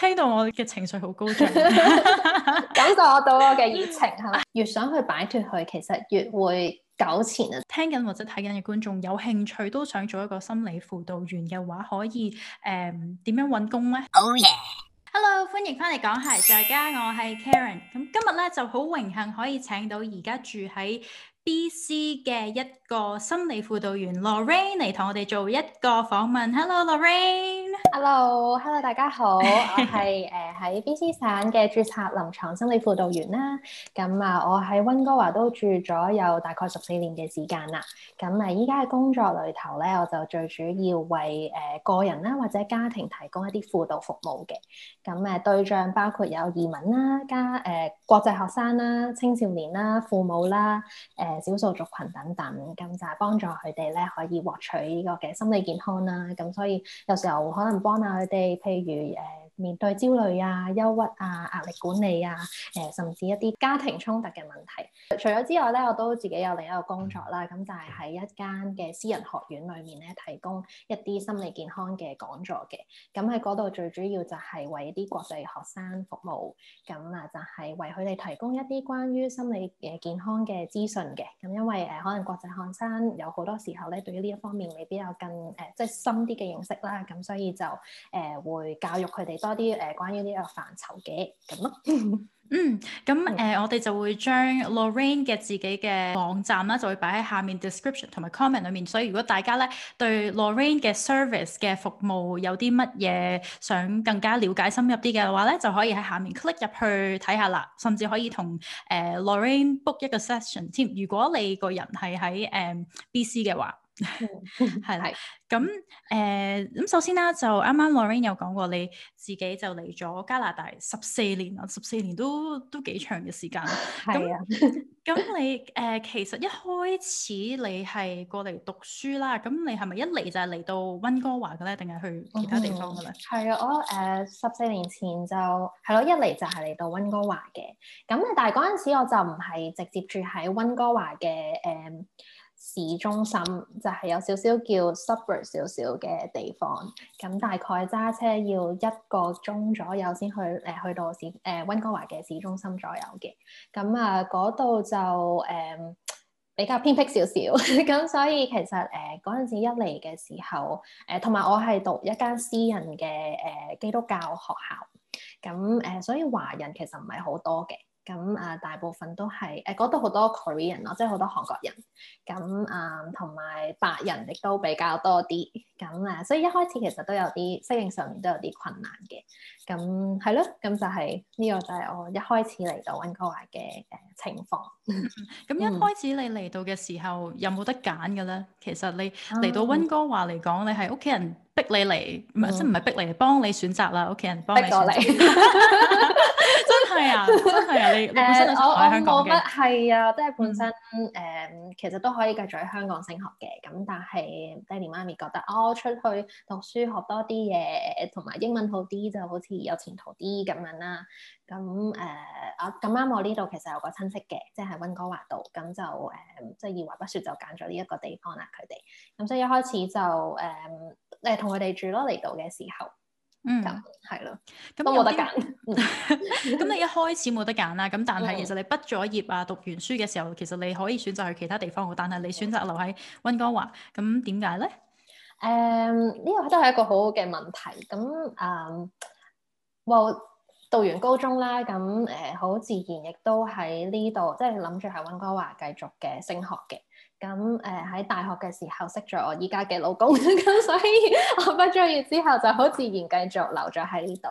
聽到我嘅情緒好高漲， 感受到我嘅熱情，係嘛？越想去擺脫佢，其實越會糾纏啊！聽緊或者睇緊嘅觀眾有興趣都想做一個心理輔導員嘅話，可以誒點，呃，樣揾工咧？好嘅，oh，yeah.，Hello，歡迎翻嚟講係，大家我係 Karen，咁今日咧就好榮幸可以請到而家住喺 BC 嘅一個心理輔導員 Lorraine 嚟同我哋做一個訪問。Hello，Lorraine。Hello，Hello，hello, 大家好， 我係誒喺 BC 省嘅註冊臨牀心理輔導員啦。咁啊，我喺溫哥華都住咗有大概十四年嘅時間啦。咁、啊、誒，依家嘅工作裏頭咧，我就最主要為誒、呃、個人啦或者家庭提供一啲輔導服務嘅。咁、啊、誒，對象包括有移民啦、加誒、呃、國際學生啦、青少年啦、父母啦、誒少數族羣等等。咁、啊、就係、是、幫助佢哋咧可以獲取呢個嘅心理健康啦。咁、啊啊、所以有時候，可能幫下佢哋，譬如面對焦慮啊、憂鬱啊、壓力管理啊，誒、呃，甚至一啲家庭衝突嘅問題。除咗之外咧，我都自己有另一個工作啦，咁就係喺一間嘅私人學院裏面咧，提供一啲心理健康嘅講座嘅。咁喺嗰度最主要就係為一啲國際學生服務，咁啊就係為佢哋提供一啲關於心理嘅健康嘅資訊嘅。咁因為誒、呃、可能國際學生有好多時候咧，對於呢一方面未必有更誒、呃、即係深啲嘅認識啦，咁所以就誒、呃、會教育佢哋多。多啲誒，關於呢個範疇嘅咁咯。嗯，咁誒，呃嗯、我哋就會將 Lorraine 嘅自己嘅網站啦，就會擺喺下面 description 同埋 comment 裏面。所以如果大家咧對 Lorraine 嘅 service 嘅服務有啲乜嘢想更加了解深入啲嘅話咧，就可以喺下面 click 入去睇下啦。甚至可以同誒、呃、Lorraine book 一個 session 添。如果你個人係喺誒 BC 嘅話。係啦，咁誒， 咁、呃、首先啦，就啱啱 Lorraine 有講過，你自己就嚟咗加拿大十四年啦，十四年都都幾長嘅時間。係啊， 咁你誒、呃，其實一開始你係過嚟讀書啦，咁你係咪一嚟就係嚟到温哥華嘅咧？定係去其他地方嘅咧？係啊、嗯，我誒，uh, 十四年前就係咯，一嚟就係嚟到温哥華嘅。咁咧，但係嗰陣時我就唔係直接住喺温哥華嘅誒。Um, 市中心就係、是、有少少叫 suburb 少少嘅地方，咁大概揸車要一個鐘左右先去誒去到市誒、呃、溫哥華嘅市中心左右嘅，咁啊嗰度就誒、呃、比較偏僻少少，咁 所以其實誒嗰陣時一嚟嘅時候，誒同埋我係讀一間私人嘅誒、呃、基督教學校，咁誒、呃、所以華人其實唔係好多嘅。咁啊，大部分都係誒嗰度好多 Korean 咯，即係好多韓國人。咁啊，同埋白人亦都比較多啲。咁啊，所以一開始其實都有啲適應上面都有啲困難嘅。咁係咯，咁就係、是、呢、這個就係我一開始嚟到溫哥華嘅誒情況。咁、呃、 一開始你嚟到嘅時候、嗯、有冇得揀嘅咧？其實你嚟到溫哥華嚟講，嗯、你係屋企人逼你嚟，唔係、嗯、即唔係逼你嚟，幫你選擇啦，屋企人幫你選擇。我 係、 哎 呃、啊，真係啊！你誒，我我我乜係啊？即係本身誒、呃，其實都可以繼續喺香港升學嘅，咁但係爹哋媽咪覺得哦，出去讀書學多啲嘢，同埋英文好啲，就好似有前途啲咁樣啦。咁、嗯、誒，啊咁啱我呢度其實有個親戚嘅，即係喺溫哥華度，咁就誒，即係二話不說就揀咗呢一個地方啦。佢哋咁所以一開始就誒誒同佢哋住咯嚟到嘅時候。嗯，係咯的，咁我冇得揀。咁 你一開始冇得揀啦，咁但係其實你畢咗業啊，嗯、讀完書嘅時候，其實你可以選擇去其他地方嘅，但係你選擇留喺温哥華，咁點解咧？誒、嗯，呢個都係一個好好嘅問題。咁啊，我、嗯、讀完高中啦，咁誒，好自然亦都喺呢度，即係諗住喺温哥華繼續嘅升學嘅。咁誒喺大學嘅時候識咗我依家嘅老公，咁 所以我畢咗業之後就好自然繼續留咗喺呢度。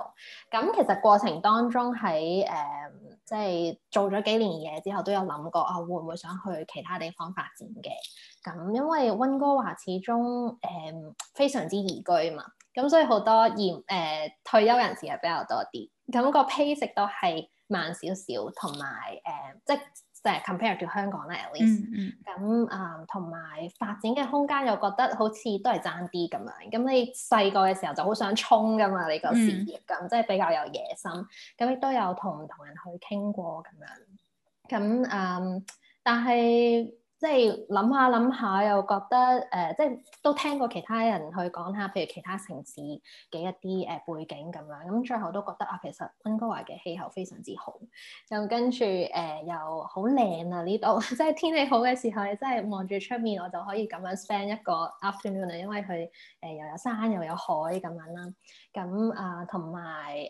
咁其實過程當中喺誒即係做咗幾年嘢之後，都有諗過啊，會唔會想去其他地方發展嘅？咁因為溫哥華始終誒、呃、非常之宜居嘛，咁所以好多業誒、呃、退休人士係比較多啲。咁、個 pay 都係慢少少，同埋誒即即係 compare 住香港啦，at least、mm。咁、hmm. 啊，同、um, 埋發展嘅空間又覺得好似都係爭啲咁樣。咁你細個嘅時候就好想衝噶嘛，你個事業咁，mm hmm. 即係比較有野心。咁亦都有同唔同人去傾過咁樣。咁啊，um, 但係。即係諗下諗下又覺得誒、呃，即係都聽過其他人去講下，譬如其他城市嘅一啲誒、呃、背景咁樣。咁最後都覺得啊，其實溫哥華嘅氣候非常之好。咁、嗯、跟住誒、呃，又好靚啊呢度，即係天氣好嘅時候，你真係望住出面，我就可以咁樣 spend 一個 afternoon 啊，因為佢誒、呃、又有山又有海咁樣啦。咁、嗯、啊，同埋誒，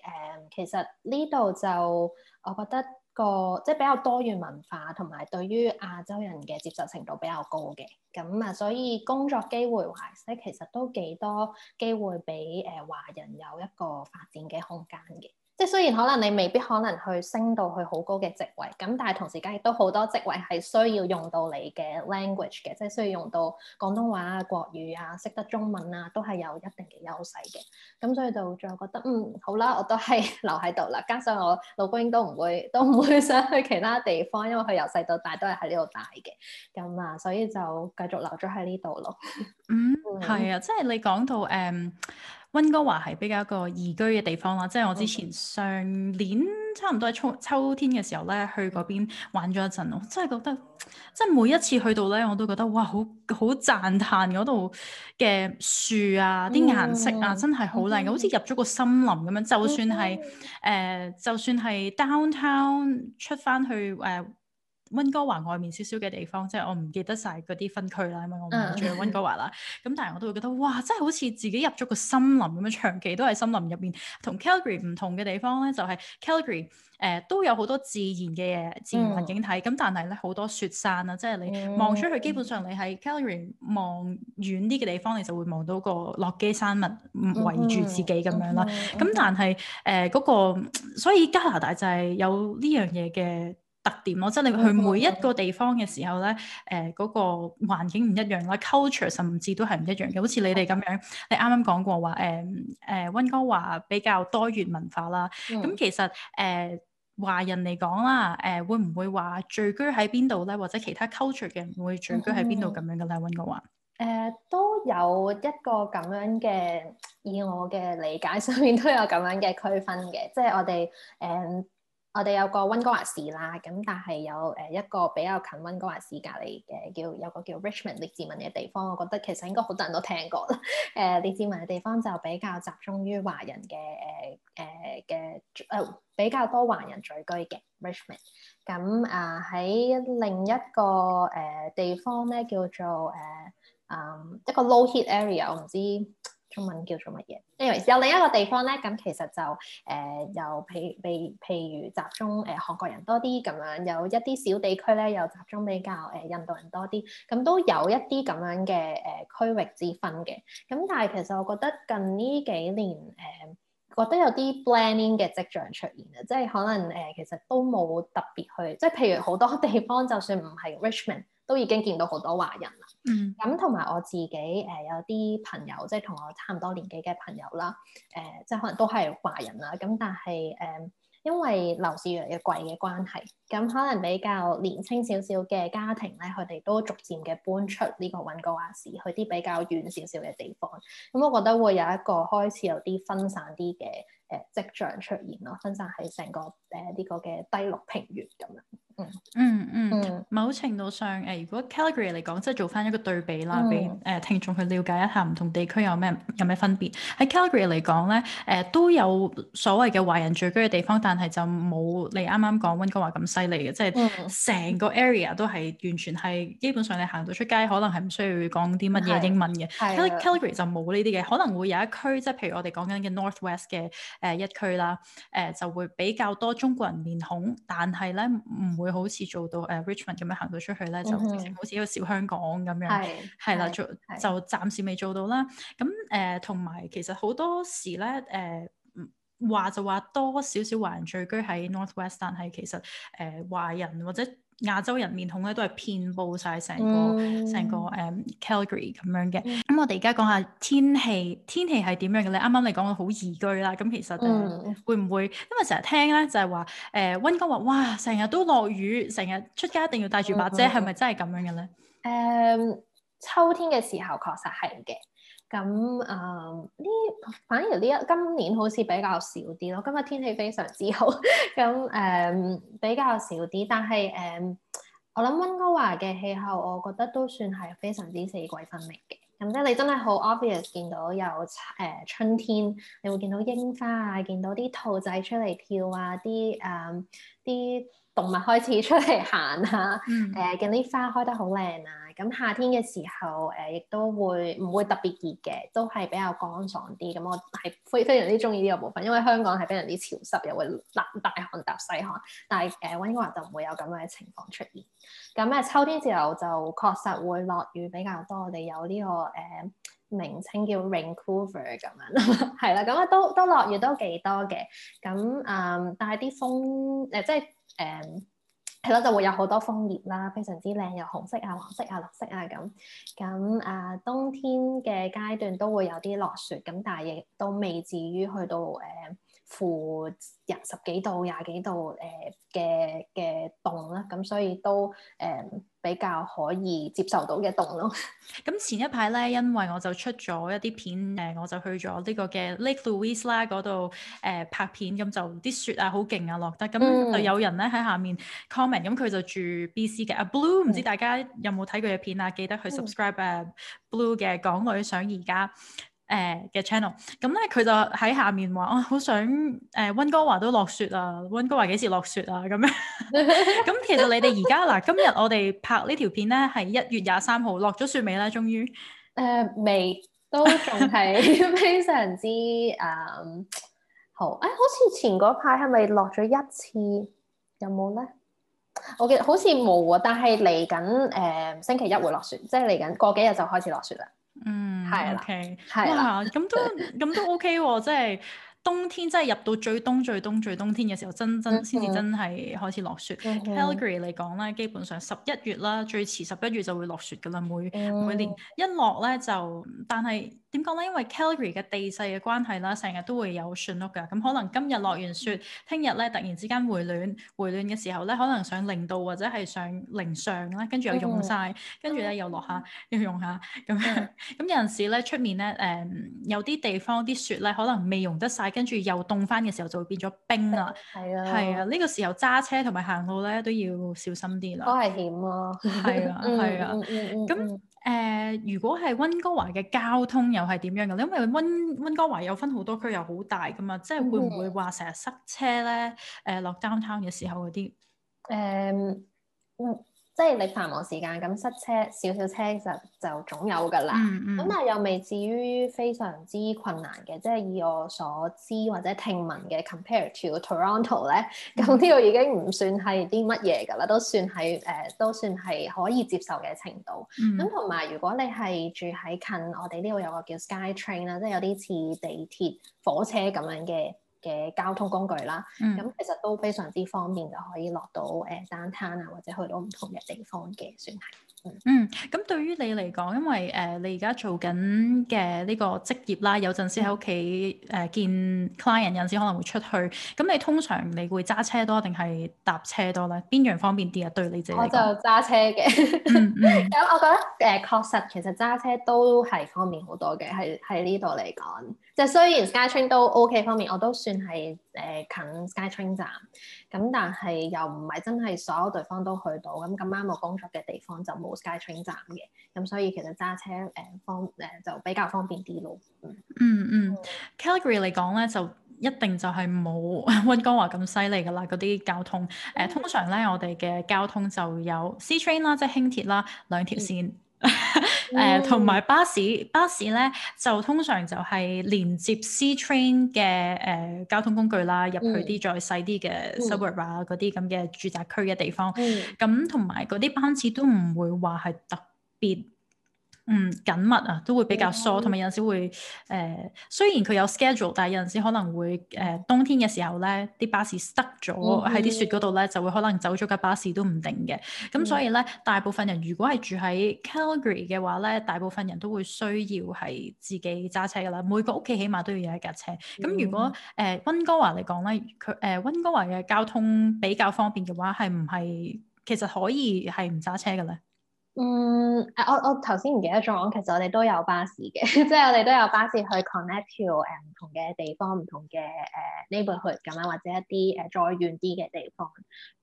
其實呢度就我覺得。個即係比較多元文化，同埋對於亞洲人嘅接受程度比較高嘅，咁啊，所以工作機會話曬，其實都幾多機會俾誒、呃、華人有一個發展嘅空間嘅。即係雖然可能你未必可能去升到去好高嘅職位，咁但係同時間亦都好多職位係需要用到你嘅 language 嘅，即係需要用到廣東話啊、國語啊、識得中文啊，都係有一定嘅優勢嘅。咁所以就最後覺得嗯，好啦，我都係留喺度啦。加上我老公都唔會都唔會想去其他地方，因為佢由細到大都係喺呢度大嘅。咁、嗯、啊，所以就繼續留咗喺呢度咯。嗯，係啊， 即係你講到誒。Um, 温哥華係比較一個宜居嘅地方啦，即係我之前上年 Okay. 差唔多係秋秋天嘅時候呢，去嗰邊玩咗一陣咯，我真係覺得，即係每一次去到呢，我都覺得哇，好好讚歎嗰度嘅樹啊，啲顏色啊，真係 Okay. 好靚，好似入咗個森林咁樣。就算係誒，就算係 downtown 出翻去誒。温哥華外面少少嘅地方，即、就、係、是、我唔記得晒嗰啲分區啦，因為我唔住喺温哥華啦。咁 但係我都會覺得，哇！真係好似自己入咗個森林咁樣，長期都喺森林入面。同 Calgary 唔同嘅地方咧，就係 Calgary 誒都有好多自然嘅嘢、自然環境睇。咁、嗯、但係咧好多雪山啦，嗯、即係你望出去，基本上你喺 Calgary 望遠啲嘅地方，你就會望到個落基山脈圍住自己咁樣啦。咁、嗯嗯嗯嗯、但係誒嗰個，所以加拿大就係有呢樣嘢嘅。特點咯，即係你去每一個地方嘅時候咧，誒嗰、嗯呃嗰個環境唔一樣啦，culture 甚至都係唔一樣嘅。好似你哋咁樣，你啱啱講過話誒誒，温、呃呃、哥華比較多元文化啦。咁、嗯、其實誒、呃、華人嚟講啦，誒、呃、會唔會話聚居喺邊度咧，或者其他 culture 嘅人會聚居喺邊度咁樣嘅咧？温、嗯、哥華誒、呃、都有一個咁樣嘅，以我嘅理解上面都有咁樣嘅區分嘅，即係我哋誒。嗯我哋有個溫哥華市啦，咁但係有誒一個比較近溫哥華市隔離嘅叫有個叫 Richmond 列治文嘅地方，我覺得其實應該好多人都聽過啦。誒列治文嘅地方就比較集中於華人嘅誒誒嘅誒比較多華人聚居嘅 Richmond。咁啊喺另一個誒、呃、地方咧叫做誒、呃、嗯一個 low heat area，我唔知。中文叫做乜嘢？anyways，有另一個地方咧，咁其實就誒、呃，有譬譬譬如集中誒、呃、韓國人多啲咁樣，有一啲小地區咧，又集中比較誒、呃、印度人多啲，咁都有一啲咁樣嘅誒、呃、區域之分嘅。咁但係其實我覺得近呢幾年誒，覺、呃、得有啲 blending 嘅跡象出現啊，即係可能誒、呃，其實都冇特別去，即係譬如好多地方就算唔係 Richmond。都已經見到好多華人啦，咁同埋我自己誒、呃、有啲朋友，即係同我差唔多年紀嘅朋友啦，誒、呃、即係可能都係華人啦，咁但係誒、呃、因為樓市越嚟越貴嘅關係，咁可能比較年輕少少嘅家庭咧，佢哋都逐漸嘅搬出呢個溫哥華市，去啲比較遠少少嘅地方，咁我覺得會有一個開始有啲分散啲嘅誒跡象出現咯，分散喺成個。誒呢、呃這個嘅低陸平原咁樣，嗯嗯嗯，嗯某程度上誒、呃，如果 Calgary 嚟講，即係做翻一個對比啦，俾誒、嗯呃、聽眾去了解一下唔同地區有咩有咩分別。喺 Calgary 嚟講咧，誒、呃、都有所謂嘅華人聚居嘅地方，但係就冇你啱啱講溫哥華咁犀利嘅，即係成個 area 都係完全係基本上你行到出街，可能係唔需要講啲乜嘢英文嘅。Calgary 就冇呢啲嘅，的可能會有一區，即係譬如我哋講緊嘅 Northwest 嘅誒一區啦，誒、呃呃呃、就會比較多。中國人面孔，但係咧唔會好似做到誒、uh, Richmond 咁樣行到出去咧，mm hmm. 就直接好似一個小香港咁樣，係、mm hmm. 啦，mm hmm. 做就暫時未做到啦。咁誒同埋其實好多時咧誒、呃、話就話多少少華人聚居喺 Northwest，但係其實誒、呃、華人或者，亞洲人面孔咧都係遍佈晒成個成、嗯、個誒、um, Calgary 咁樣嘅，咁、嗯嗯、我哋而家講下天氣，天氣係點樣嘅咧？啱啱你講到好宜居啦，咁其實、呃嗯、會唔會因為成日聽咧就係話誒溫哥華哇，成日都落雨，成日出街一定要帶住把遮，係咪、嗯、真係咁樣嘅咧？誒、嗯，秋天嘅時候確實係嘅。咁啊，呢、呃、反而呢一今年好似比較少啲咯。今日天氣非常之好，咁 誒、呃、比較少啲。但係誒、呃，我諗溫哥華嘅氣候，我覺得都算係非常之四季分明嘅。咁即係你真係好 obvious 見到有誒、呃、春天，你會見到櫻花啊，見到啲兔仔出嚟跳啊，啲誒啲動物開始出嚟行啊，誒見啲花開得好靚啊。咁夏天嘅時候，誒亦都會唔會特別熱嘅，都係比較乾爽啲。咁我係非非常之中意呢個部分，因為香港係非常之潮濕，又會大大汗搭細汗。但係誒溫哥華就唔會有咁樣嘅情況出現。咁誒秋天時候就確實會落雨比較多，我哋有呢、這個誒、呃、名稱叫 Raincouver 咁樣，係 啦，咁啊都都落雨都幾多嘅。咁、嗯、但係啲風誒即係誒。呃就是嗯係咯，就會有好多楓葉啦，非常之靚，有紅色啊、黃色啊、綠色啊咁。咁啊，冬天嘅階段都會有啲落雪咁，但係亦都未至於去到誒。呃負廿十幾度、廿幾度誒嘅嘅凍啦，咁、呃、所以都誒、呃、比較可以接受到嘅凍咯。咁前一排咧，因為我就出咗一啲片，誒我就去咗呢個嘅 Lake Louise 啦，嗰度誒拍片，咁就啲雪啊好勁啊落得，咁就有人咧喺、嗯、下面 comment，咁佢就住 BC 嘅、嗯、啊 Blue，唔知大家有冇睇佢嘅片啊？記得去 subscribe 誒、嗯啊、Blue 嘅港女想而家。誒嘅 channel，咁咧佢就喺下面話，我好想誒温、呃、哥華都落雪啊！温哥華幾時落雪啊？咁樣，咁其實你哋而家嗱， 今我日我哋拍呢條片咧，係一月廿三號落咗雪未啦？終於誒未、呃，都仲係非常之誒、 嗯、好。誒好似前嗰排係咪落咗一次？有冇咧？我記好似冇啊，但係嚟緊誒星期一會落雪，即係嚟緊過幾日就開始落雪啦。嗯。係，OK，的哇，咁的都咁的都 OK 喎、啊，即、就、係、是、冬天，即係入到最冬最冬最冬天嘅時候，真真先至真係開始落雪。的 Calgary 嚟講咧，基本上十一月啦，最遲十一月就會落雪㗎喇，每的每年一落咧就，但係，點講咧？因為 Calgary 嘅地勢嘅關係啦，成日都會有雪屋嘅。咁可能今日落完雪，聽日咧突然之間回暖，回暖嘅時候咧，可能上零度或者係上零上啦，跟住又融晒，跟住咧又落下，又融下咁樣。咁有陣時咧，出面咧誒，有啲地方啲雪咧，可能未融得晒，跟住又凍翻嘅時候就會變咗冰啦。係啊，係啊，呢個時候揸車同埋行路咧都要小心啲啦。都係險啊！係啊，係啊，咁。誒、呃，如果係溫哥華嘅交通又係點樣嘅咧？因為溫溫哥華有分好多區又好大㗎嘛，即係會唔會話成日塞車咧？誒、呃、落 downtown 嘅時候嗰啲誒即係你繁忙時間咁塞車，少少車就就總有㗎啦。咁、嗯嗯、但係又未至於非常之困難嘅，即係以我所知或者聽聞嘅，compared to Toronto 咧，咁呢個、嗯嗯、已經唔算係啲乜嘢㗎啦，都算係誒、呃，都算係可以接受嘅程度。咁同埋如果你係住喺近，我哋呢度有個叫 SkyTrain 啦，即係有啲似地鐵火車咁樣嘅。嘅交通工具啦，咁、嗯、其實都非常之方便，就可以落到誒灘、呃、灘啊，或者去到唔同嘅地方嘅算係。嗯，咁、嗯、對於你嚟講，因為誒、呃、你而家做緊嘅呢個職業啦，有陣時喺屋企誒見 client，有陣時可能會出去。咁你通常你會揸車多定係搭車多咧？邊樣方便啲啊？對你自己我就揸車嘅。咁、 嗯嗯、我覺得誒、呃、確實其實揸車都係方便好多嘅，喺喺呢度嚟講。即係雖然 SkyTrain 都 OK 方面，我都算係誒、呃、近 SkyTrain 站，咁但係又唔係真係所有地方都去到，咁咁啱我工作嘅地方就冇 SkyTrain 站嘅，咁所以其實揸車誒、呃、方誒、呃、就比較方便啲咯、嗯。嗯嗯 Calgary 嚟講咧就一定就係冇溫哥華咁犀利噶啦，嗰啲交通誒、嗯、通常咧我哋嘅交通就有 CTrain 啦，rain，即係輕鐵啦兩條線。嗯誒同埋巴士，巴士咧就通常就係連接 C train 嘅誒、呃、交通工具啦，入、嗯、去啲再細啲嘅 suburb 啊嗰啲咁嘅住宅區嘅地方，咁同埋嗰啲班次都唔會話係特別。嗯，緊密啊，都會比較疏，同埋、嗯、有陣時會誒、呃，雖然佢有 schedule，但係有陣時可能會誒、呃、冬天嘅時候咧，啲巴士塞咗喺啲雪嗰度咧，就會可能走咗架巴士都唔定嘅。咁所以咧，嗯、大部分人如果係住喺 Calgary 嘅話咧，大部分人都會需要係自己揸車噶啦。每個屋企起碼都要有一架車。咁、嗯、如果誒温、呃、哥華嚟講咧，佢誒温哥華嘅交通比較方便嘅話，係唔係其實可以係唔揸車嘅咧？嗯，誒我我頭先唔記得咗，其實我哋都有巴士嘅，即 係我哋都有巴士去 connect to 誒唔同嘅地方、唔同嘅誒 neighborhood 咁樣或者一啲誒再遠啲嘅地方。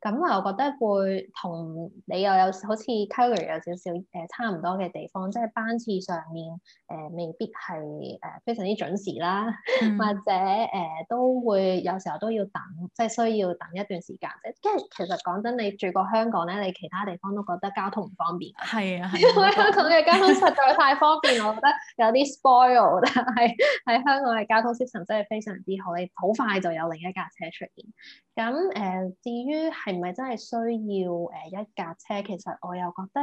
咁啊，我覺得會同你又有好似 Calgary 有少少誒差唔多嘅地方，即係班次上面誒未必係誒非常之準時啦，或者誒都會有時候都要等，即即係需要等一段時間，即係其實講真，你住過香港咧，你其他地方都覺得交通唔方便。係啊，因為 香港嘅交通實在太方便，我覺得有啲 spoiled。但係喺香港嘅交通 system 真係非常之好，你好快就有另一架車出現。咁誒、呃，至於係唔係真係需要誒、呃、一架車，其實我又覺得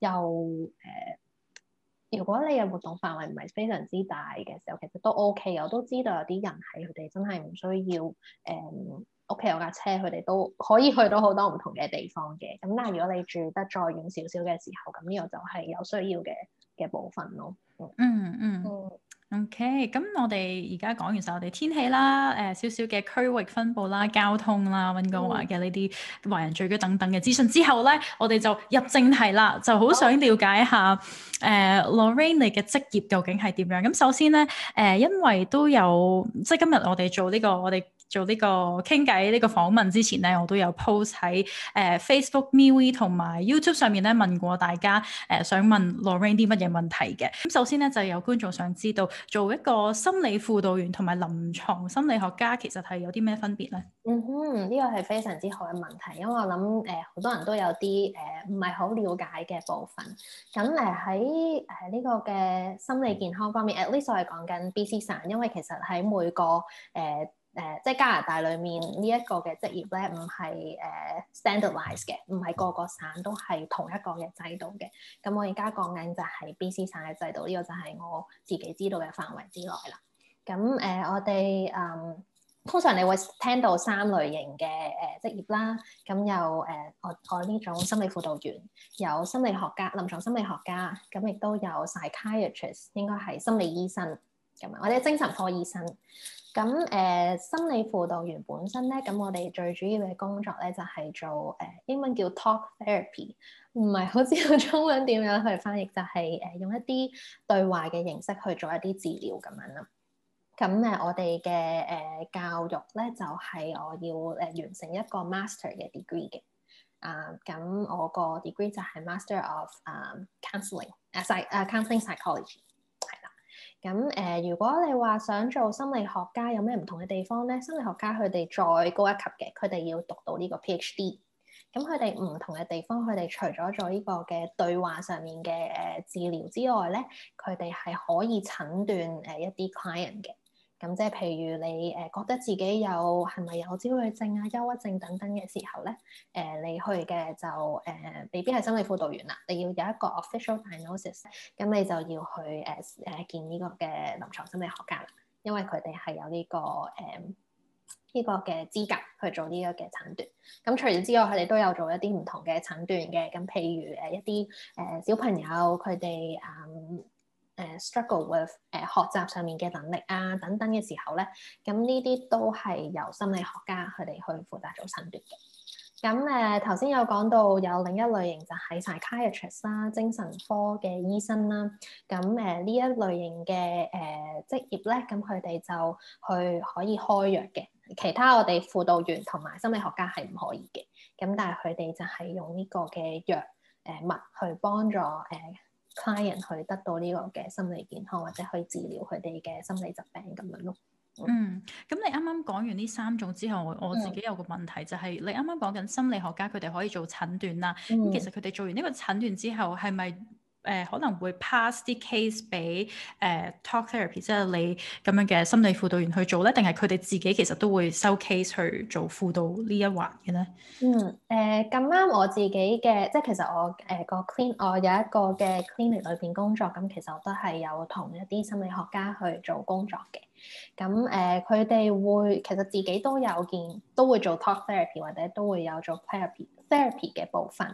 又誒、呃，如果你嘅活動範圍唔係非常之大嘅時候，其實都 OK。我都知道有啲人係佢哋真係唔需要誒。呃屋企有架車，佢哋都可以去到好多唔同嘅地方嘅。咁但係如果你住得再遠少少嘅時候，咁呢個就係有需要嘅嘅部分咯。嗯嗯。嗯嗯 OK，咁我哋而家講完晒我哋天氣啦，誒、呃、少少嘅區域分布啦、交通啦、溫哥華嘅呢啲華人聚居等等嘅資訊之後咧，我哋就入正題啦，就好想了解一下誒、嗯呃、Lorraine 嘅職業究竟係點樣。咁首先咧，誒、呃、因為都有即係今日我哋做呢、呢個我哋。做呢個傾偈呢個訪問之前咧，我都有 post 喺誒、呃、Facebook、MeWe 同埋 YouTube 上面咧問過大家誒、呃、想問 Lorraine 啲乜嘢問題嘅。咁首先咧就有觀眾想知道，做一個心理輔導員同埋臨床心理學家其實係有啲咩分別咧？嗯哼，呢、這個係非常之好嘅問題，因為我諗誒好多人都有啲誒唔係好了解嘅部分。咁誒喺誒呢個嘅心理健康方面，at least、嗯、我係講緊 BC 省，因為其實喺每個誒。呃誒、呃，即係加拿大裏面呢一個嘅職業咧，唔係誒 standardize 嘅，唔係個個省都係同一個嘅制度嘅。咁我而家講緊就係 BC 省嘅制度，呢、這個就係我自己知道嘅範圍之內啦。咁誒、呃，我哋嗯，通常你會聽到三類型嘅誒、呃、職業啦。咁有誒、呃，我我呢種心理輔導員，有心理學家、臨床心理學家，咁亦都有 psychiatrist，應該係心理醫生咁啊，或者精神科醫生。咁誒、呃、心理輔導員本身咧，咁我哋最主要嘅工作咧就係、是、做誒、呃、英文叫 talk therapy，唔係好知用中文點樣去翻譯，就係、是、誒、呃、用一啲對話嘅形式去做一啲治療咁樣啦。咁誒、呃、我哋嘅誒教育咧就係、是、我要誒完成一個 master 嘅 degree 嘅，啊、uh, 咁我個 degree 就係 master of、um, counseling，啊 psy 啊 counseling psychology。咁誒、呃，如果你話想做心理學家，有咩唔同嘅地方咧？心理學家佢哋再高一級嘅，佢哋要讀到呢個 PhD。咁佢哋唔同嘅地方，佢哋除咗做呢個嘅對話上面嘅誒治療之外咧，佢哋係可以診斷誒一啲 client 嘅。咁即係譬如你誒覺得自己有係咪有焦慮症啊、憂鬱症等等嘅時候咧，誒你去嘅就誒未必係心理輔導員啦，你要有一個 official diagnosis，咁你就要去誒誒、啊、見呢個嘅臨床心理學家啦，因為佢哋係有呢、呢個誒呢、啊呢個嘅資格去做呢個嘅診斷。咁、嗯、除咗之外，佢哋都有做一啲唔同嘅診斷嘅，咁、嗯、譬如誒一啲誒、啊、小朋友佢哋嗯，誒、呃、struggle with 誒、呃、學習上面嘅能力啊等等嘅時候咧，咁呢啲都係由心理學家佢哋去負責做診斷嘅。咁誒頭先有講到有另一類型就係 psychiatrist 啦，精神科嘅醫生啦。咁誒呢一類型嘅誒、呃、職業咧，咁佢哋就去可以開藥嘅。其他我哋輔導員同埋心理學家係唔可以嘅。咁但係佢哋就係用呢個嘅藥誒物去幫助誒。呃 client 去得到呢個嘅心理健康或者去治療佢哋嘅心理疾病咁樣咯。嗯，咁你啱啱講完呢三種之後，我自己有個問題、嗯、就係，你啱啱講緊心理學家佢哋可以做診斷啦。咁、嗯、其實佢哋做完呢個診斷之後，係咪？誒、呃、可能會 pass 啲 case 俾誒、呃、talk therapy，即係你咁樣嘅心理輔導員去做咧，定係佢哋自己其實都會收 case 去做輔導呢一環嘅咧？嗯，誒咁啱我自己嘅，即係其實我誒、呃、個 clean，我有一個嘅 clinic 裏邊工作，咁其實我都係有同一啲心理學家去做工作嘅。咁誒，佢、呃、哋會其實自己都有見，都會做 talk therapy 或者都會有做 therapy。therapy 嘅部分，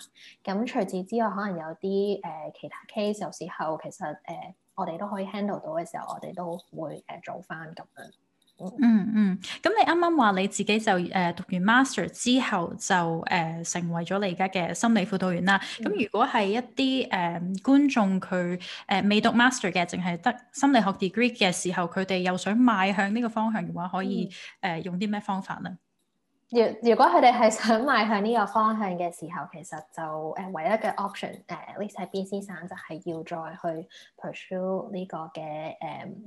咁除此之外，可能有啲誒、呃、其他 case，有時候其實誒、呃、我哋都可以 handle 到嘅時候，我哋都會誒、呃、做翻咁樣。嗯嗯咁、嗯、你啱啱話你自己就誒、呃、讀完 master 之後就誒、呃、成為咗你而家嘅心理輔導員啦。咁、嗯、如果係一啲誒、呃、觀眾佢誒未讀 master 嘅，淨係得心理學 degree 嘅時候，佢哋又想邁向呢個方向嘅話，可以誒、嗯呃、用啲咩方法呢？如如果佢哋係想邁向呢個方向嘅時候，其實就誒唯一嘅 option 誒，list 喺 B.C 省就係要再去 pursue 呢個嘅誒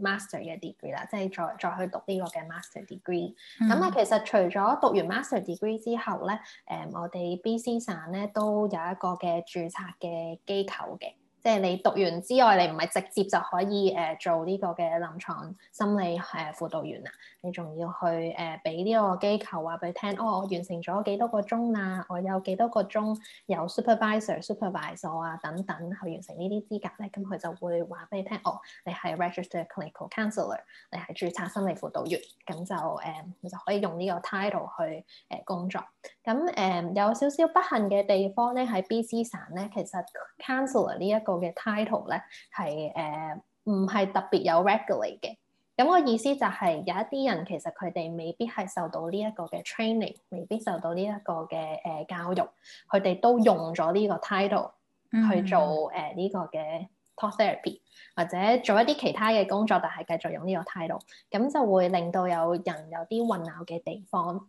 master 嘅 degree 啦，即係再再去讀呢個嘅 master degree。咁 啊，其實除咗讀完 master degree 之後咧，誒我哋 B.C 省咧都有一個嘅註冊嘅機構嘅。即係你讀完之外，你唔係直接就可以誒做呢個嘅臨床心理誒輔導員啊？你仲要去誒俾呢個機構話俾佢聽，哦，我完成咗幾多個鐘啊，我有幾多個鐘有 supervisor、supervisor 啊等等，去完成呢啲資格咧，咁佢就會話俾你聽哦，你係 registered clinical counsellor 你係注冊心理輔導員，咁就誒你、嗯、就可以用呢個 title 去誒工作。咁誒、嗯、有少少不幸嘅地方咧，喺 BC 省咧，其實 counsellor 呢、這、一個。嘅 title 咧係誒唔係特別有 regular 嘅，咁我意思就係、是、有一啲人其實佢哋未必係受到呢一個嘅 training，未必受到呢一個嘅誒、呃、教育，佢哋都用咗呢個 title 去做誒呢、呃這個嘅 talk therapy 或者做一啲其他嘅工作，但係繼續用呢個 title，咁就會令到有人有啲混淆嘅地方，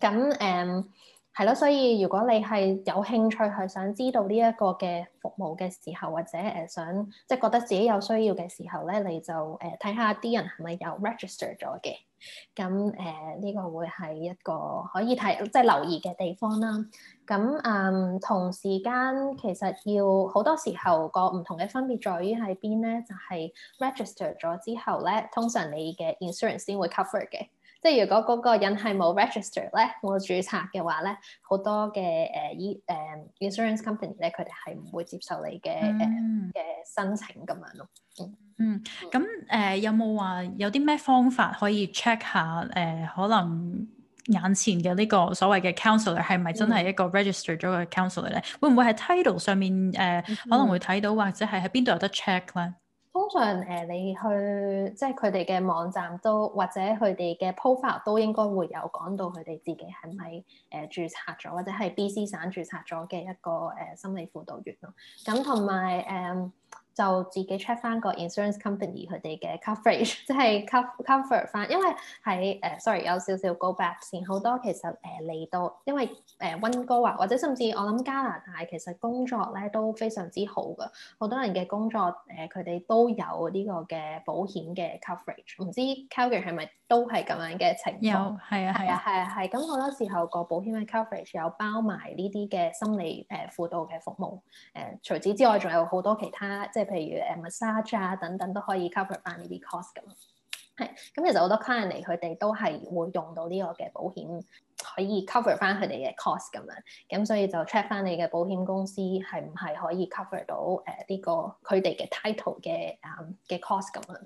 咁誒。呃係咯，所以如果你係有興趣係想知道呢一個嘅服務嘅時候，或者誒想即係覺得自己有需要嘅時候咧，你就誒睇下啲人係咪有 register 咗嘅，咁誒呢個會係一個可以睇即係留意嘅地方啦。咁嗯同時間其實要好多時候個唔同嘅分別在於喺邊咧，就係 register 咗之後咧，通常你嘅 insurance 先會 cover 嘅。即係如果嗰個人係冇 register 咧，冇註冊嘅話咧，好多嘅誒醫誒 insurance company 咧，佢哋係唔會接受你嘅誒嘅申請咁樣咯。嗯，咁誒、呃、有冇話有啲咩方法可以 check 下誒、呃、可能眼前嘅呢個所謂嘅 counselor 係咪真係一個 register 咗嘅 counselor 咧、嗯？會唔會係 title 上面誒、呃嗯、可能會睇到，或者係喺邊度有得 check 咧？通常誒、呃，你去即係佢哋嘅網站都，或者佢哋嘅 profile 都應該會有講到佢哋自己係咪誒註冊咗，或者係 BC 省註冊咗嘅一個誒、呃、心理輔導員咯。咁同埋誒。就自己 check 翻個 insurance company 佢哋嘅 coverage，即係 cover cover 翻，因為喺誒、呃、sorry 有少少 go back 先，好多其實誒嚟到，因為誒、呃、溫哥華、啊、或者甚至我諗加拿大其實工作咧都非常之好噶，好多人嘅工作誒佢哋都有呢個嘅保險嘅 coverage，唔知 Calgary 係咪都係咁樣嘅情況？有，係啊，係啊，係啊，係、啊。咁好、啊啊啊、多時候個保險嘅 coverage 有包埋呢啲嘅心理誒、呃、輔導嘅服務、呃，誒除此之外仲有好多其他即係。譬如誒、呃、massage 啊等等都可以 cover 翻呢啲 cost 咁，係咁其實好多 client 嚟佢哋都係會用到呢個嘅保險，可以 cover 翻佢哋嘅 cost 咁樣，咁所以就 check 翻你嘅保險公司係唔係可以 cover 到誒呢、呃這個佢哋嘅 title 嘅嘅、um, cost 咁樣。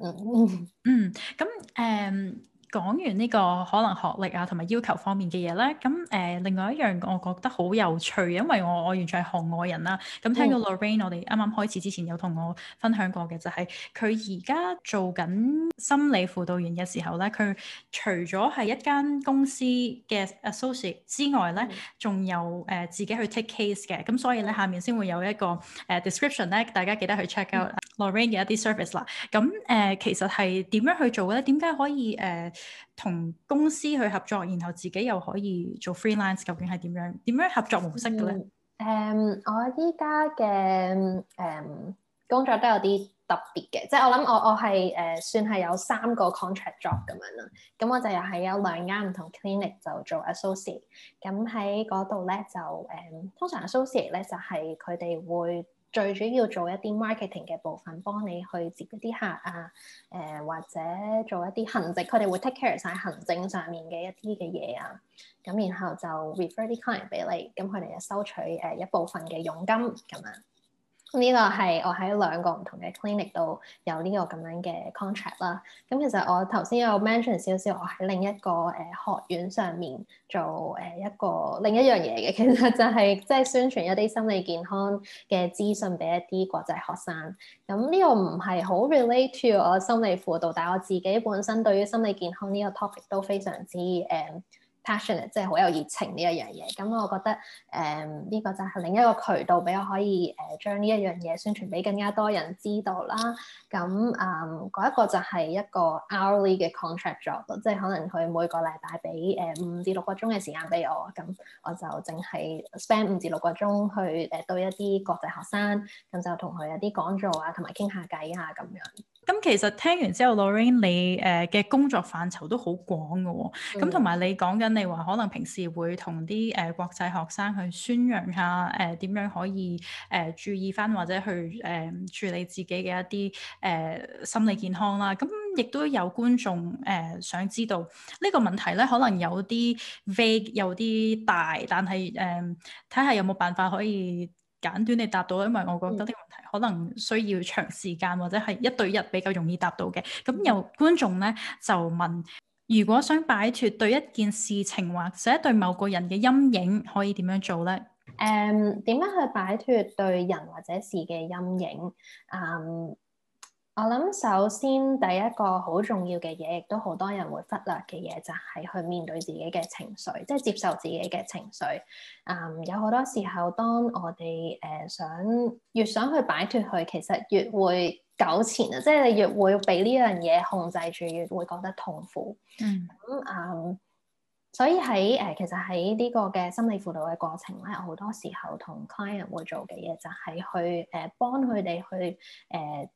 嗯嗯，咁、嗯、誒。嗯講完呢個可能學歷啊同埋要求方面嘅嘢呢。咁誒、呃、另外一樣我覺得好有趣，因為我我完全係行外人啦、啊。咁聽到 Lorraine、哦、我哋啱啱開始之前有同我分享過嘅、就是，就係佢而家做緊心理輔導員嘅時候呢，佢除咗係一間公司嘅 associate 之外呢，仲、嗯、有誒、呃、自己去 take case 嘅。咁所以呢，下面先會有一個誒、呃、description 呢，大家記得去 check out、嗯、Lorraine 嘅一啲 service 啦。咁誒、呃、其實係點樣去做呢？點解可以誒？呃同公司去合作，然後自己又可以做 freelance，究竟係點樣？點樣合作模式嘅咧？誒、嗯嗯，我依家嘅誒工作都有啲特別嘅，即係我諗我我係誒、呃、算係有三個 contract job 咁樣啦。咁我就又係有兩間唔同 clinic 就做 associate，咁喺嗰度咧就誒、嗯，通常 associate 咧就係佢哋會，最主要做一啲 marketing 嘅部分，幫你去接一啲客啊，誒、呃、或者做一啲行政，佢哋會 take care 晒行政上面嘅一啲嘅嘢啊，咁然後就 refer 啲 client 俾你，咁佢哋就收取誒一部分嘅佣金咁樣。呢個係我喺兩個唔同嘅 clinic 度有呢個咁樣嘅 contract 啦。咁、嗯、其實我頭先有 mention 少少，我喺另一個誒、呃、學院上面做誒、呃、一個另一樣嘢嘅，其實就係即係宣傳一啲心理健康嘅資訊俾一啲國際學生。咁、嗯、呢、這個唔係好 relate to 我心理輔導，但係我自己本身對於心理健康呢個 topic 都非常之誒。呃即係好有熱情呢一樣嘢，咁我覺得誒呢、嗯這個就係另一個渠道，俾我可以誒將呢一樣嘢宣傳俾更加多人知道啦。咁啊，嗰、嗯、一個就係一個 hourly 嘅 contract job，即係可能佢每個禮拜俾誒五至六個鐘嘅時間俾我，咁我就淨係 spend 五至六個鐘去誒對、呃、一啲國際學生，咁就同佢有啲講座啊，同埋傾下偈啊咁樣。咁其實聽完之後，Lorraine 你誒嘅工作範疇都好廣嘅喎、哦，咁同埋你講緊你話可能平時會同啲誒國際學生去宣揚下誒點、呃、樣可以誒、呃、注意翻或者去誒、呃、處理自己嘅一啲誒、呃、心理健康啦。咁、呃、亦都有觀眾誒、呃、想知道呢、呢個問題咧，可能有啲 vague 有啲大，但係誒睇下有冇辦法可以。簡短地答到，因為我覺得啲問題可能需要長時間、嗯、或者係一對一比較容易答到嘅。咁有觀眾咧就問：如果想擺脫對一件事情或者對某個人嘅陰影，可以點樣做咧？誒、嗯，點樣去擺脫對人或者事嘅陰影？嗯、um。我諗首先第一個好重要嘅嘢，亦都好多人會忽略嘅嘢，就係、是、去面對自己嘅情緒，即係接受自己嘅情緒。嗯，有好多時候，當我哋誒、呃、想越想去擺脱佢，其實越會糾纏啊！即係你越會被呢樣嘢控制住，越會覺得痛苦。嗯。咁啊、嗯，所以喺誒、呃，其實喺呢個嘅心理輔導嘅過程咧，有好多時候同 client 會做嘅嘢，就、呃、係去誒幫佢哋去誒。呃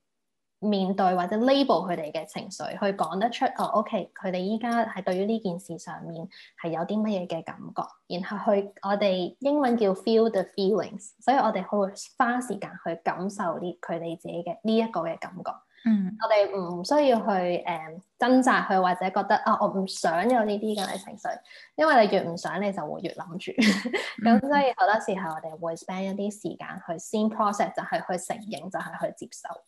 面對或者 label 佢哋嘅情緒，去講得出哦。Oh, OK，佢哋依家係對於呢件事上面係有啲乜嘢嘅感覺，然後去我哋英文叫 feel the feelings。所以我哋會花時間去感受呢佢哋自己嘅呢一個嘅感覺。嗯、mm，hmm. 我哋唔需要去誒、um, 掙扎去或者覺得啊，我唔想有呢啲咁嘅情緒，因為你越唔想，你就會越諗住。咁 所以好多時候我哋會 spend 一啲時間去先 process，就係去承認，就係、是、去接受。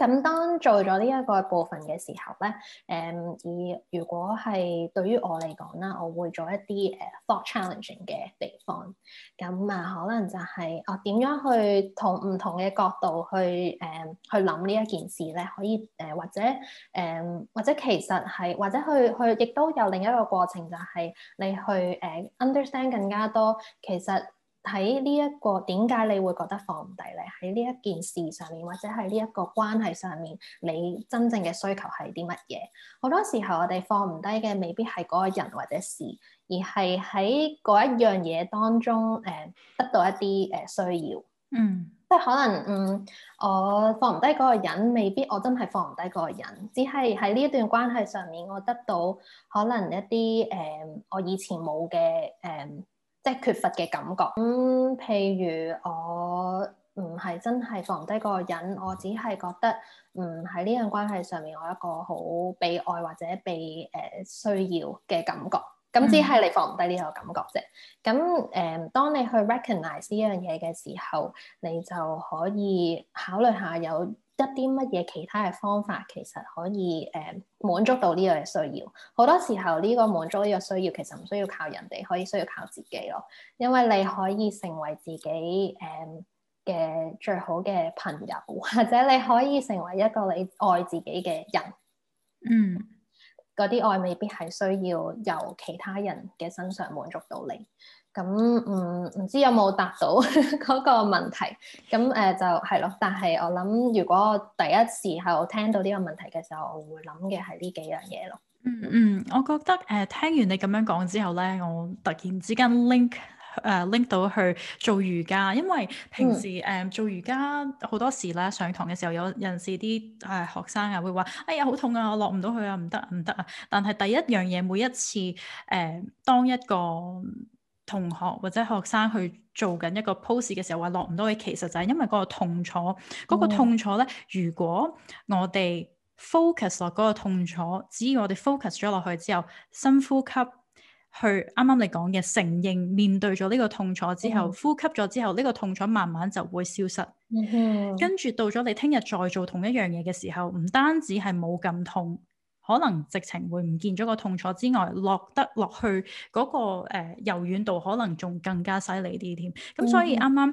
咁當做咗呢一個部分嘅時候咧，誒而如果係對於我嚟講啦，我會做一啲誒 for challenging 嘅地方，咁啊可能就係哦點樣去同唔同嘅角度去誒去諗呢一件事咧，可以誒或者誒或者其實係或者去去亦都有另一個過程，就係、是、你去誒 understand 更加多其實。喺呢一個點解你會覺得放唔低咧？喺呢一件事上面，或者喺呢一個關係上面，你真正嘅需求係啲乜嘢？好多時候我哋放唔低嘅，未必係嗰個人或者事，而係喺嗰一樣嘢當中，誒、嗯、得到一啲誒需要。嗯，即係可能嗯，我放唔低嗰個人，未必我真係放唔低嗰個人，只係喺呢一段關係上面，我得到可能一啲誒、嗯、我以前冇嘅誒。嗯即係缺乏嘅感覺，咁、嗯、譬如我唔係真係放低個人，我只係覺得唔喺呢樣關係上面，我一個好被愛或者被誒、呃、需要嘅感覺，咁只係你放唔低呢個感覺啫。咁誒、呃，當你去 recognize 呢樣嘢嘅時候，你就可以考慮下有一啲乜嘢其他嘅方法，其實可以誒、嗯、滿足到呢個嘅需要。好多時候呢個滿足呢個需要，需要其實唔需要靠人哋，可以需要靠自己咯。因為你可以成為自己誒嘅、嗯、最好嘅朋友，或者你可以成為一個你愛自己嘅人。嗯，嗰啲愛未必係需要由其他人嘅身上滿足到你。咁唔唔知有冇答到嗰個問題？咁誒、呃、就係咯，但係我諗，如果第一次係我聽到呢個問題嘅時候，我會諗嘅係呢幾樣嘢咯。嗯嗯，我覺得誒、呃、聽完你咁樣講之後咧，我突然之間 link 誒、呃、link 到去做瑜伽，因為平時誒、嗯嗯、做瑜伽好多時咧上堂嘅時候有陣時啲誒學生啊會話，哎呀好痛啊，我落唔到去啊，唔得唔得啊！但係第一樣嘢每一次誒、呃、當一個同學或者學生去做緊一個 pose 嘅時候，話落唔到去，其實就係因為嗰個痛楚，嗰、哦、個痛楚咧。如果我哋 focus 落嗰個痛楚，只要我哋 focus 咗落去之後，深呼吸去剛剛，去啱啱你講嘅承認面對咗呢個痛楚之後，嗯、呼吸咗之後，呢、呢個痛楚慢慢就會消失。嗯哼，跟住到咗你聽日再做同一樣嘢嘅時候，唔單止係冇咁痛。可能直情會唔見咗個痛楚之外，落得落去嗰、那個誒、呃、柔軟度，可能仲更加犀利啲添。咁所以啱啱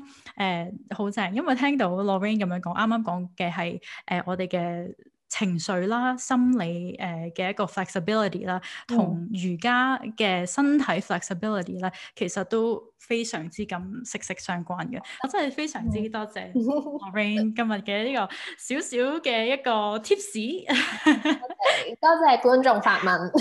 誒好正，因為聽到 Lorraine 咁樣講，啱啱講嘅係誒我哋嘅情緒啦、心理誒嘅一個 flexibility 啦，同瑜伽嘅身體 flexibility 啦，其實都非常之咁息息相關嘅。我真係非常之多謝 Lorraine 今日嘅呢個小小嘅一個 tips、。 okay, 多謝觀眾發問。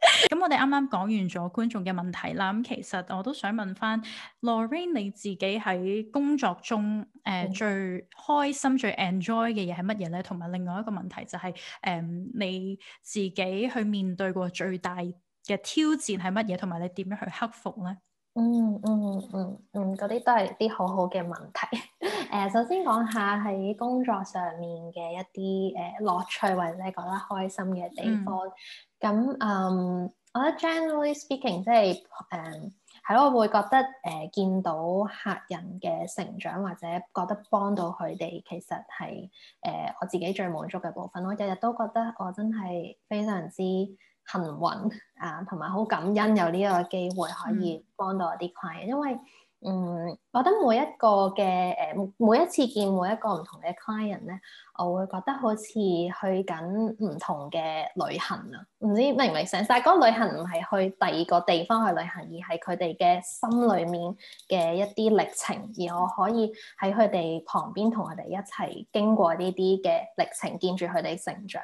咁 我哋啱啱講完咗觀眾嘅問題啦，咁其實我都想問翻，Lorraine 你自己喺工作中誒、呃嗯、最開心最 enjoy 嘅嘢係乜嘢咧？同埋另外一個問題就係、是、誒、呃、你自己去面對過最大嘅挑戰係乜嘢？同埋你點樣去克服呢？嗯嗯嗯嗯，嗰、嗯、啲、嗯嗯、都係啲好好嘅問題。誒， 首先講下喺工作上面嘅一啲誒樂趣或者覺得開心嘅地方。咁、嗯，嗯，我覺得 generally speaking，即係誒，係、嗯、咯，我會覺得誒、呃，見到客人嘅成長或者覺得幫到佢哋，其實係誒、呃、我自己最滿足嘅部分。我日日都覺得我真係非常之～幸運啊，同埋好感恩有呢個機會可以幫到我啲 client，因為嗯，我覺得每一個嘅誒，每一次見每一個唔同嘅 client 咧。我會覺得好似去緊唔同嘅旅行啊，唔知明唔明？成晒嗰個旅行唔係去第二個地方去旅行，而係佢哋嘅心裏面嘅一啲歷程，而我可以喺佢哋旁邊同佢哋一齊經過呢啲嘅歷程，見住佢哋成長。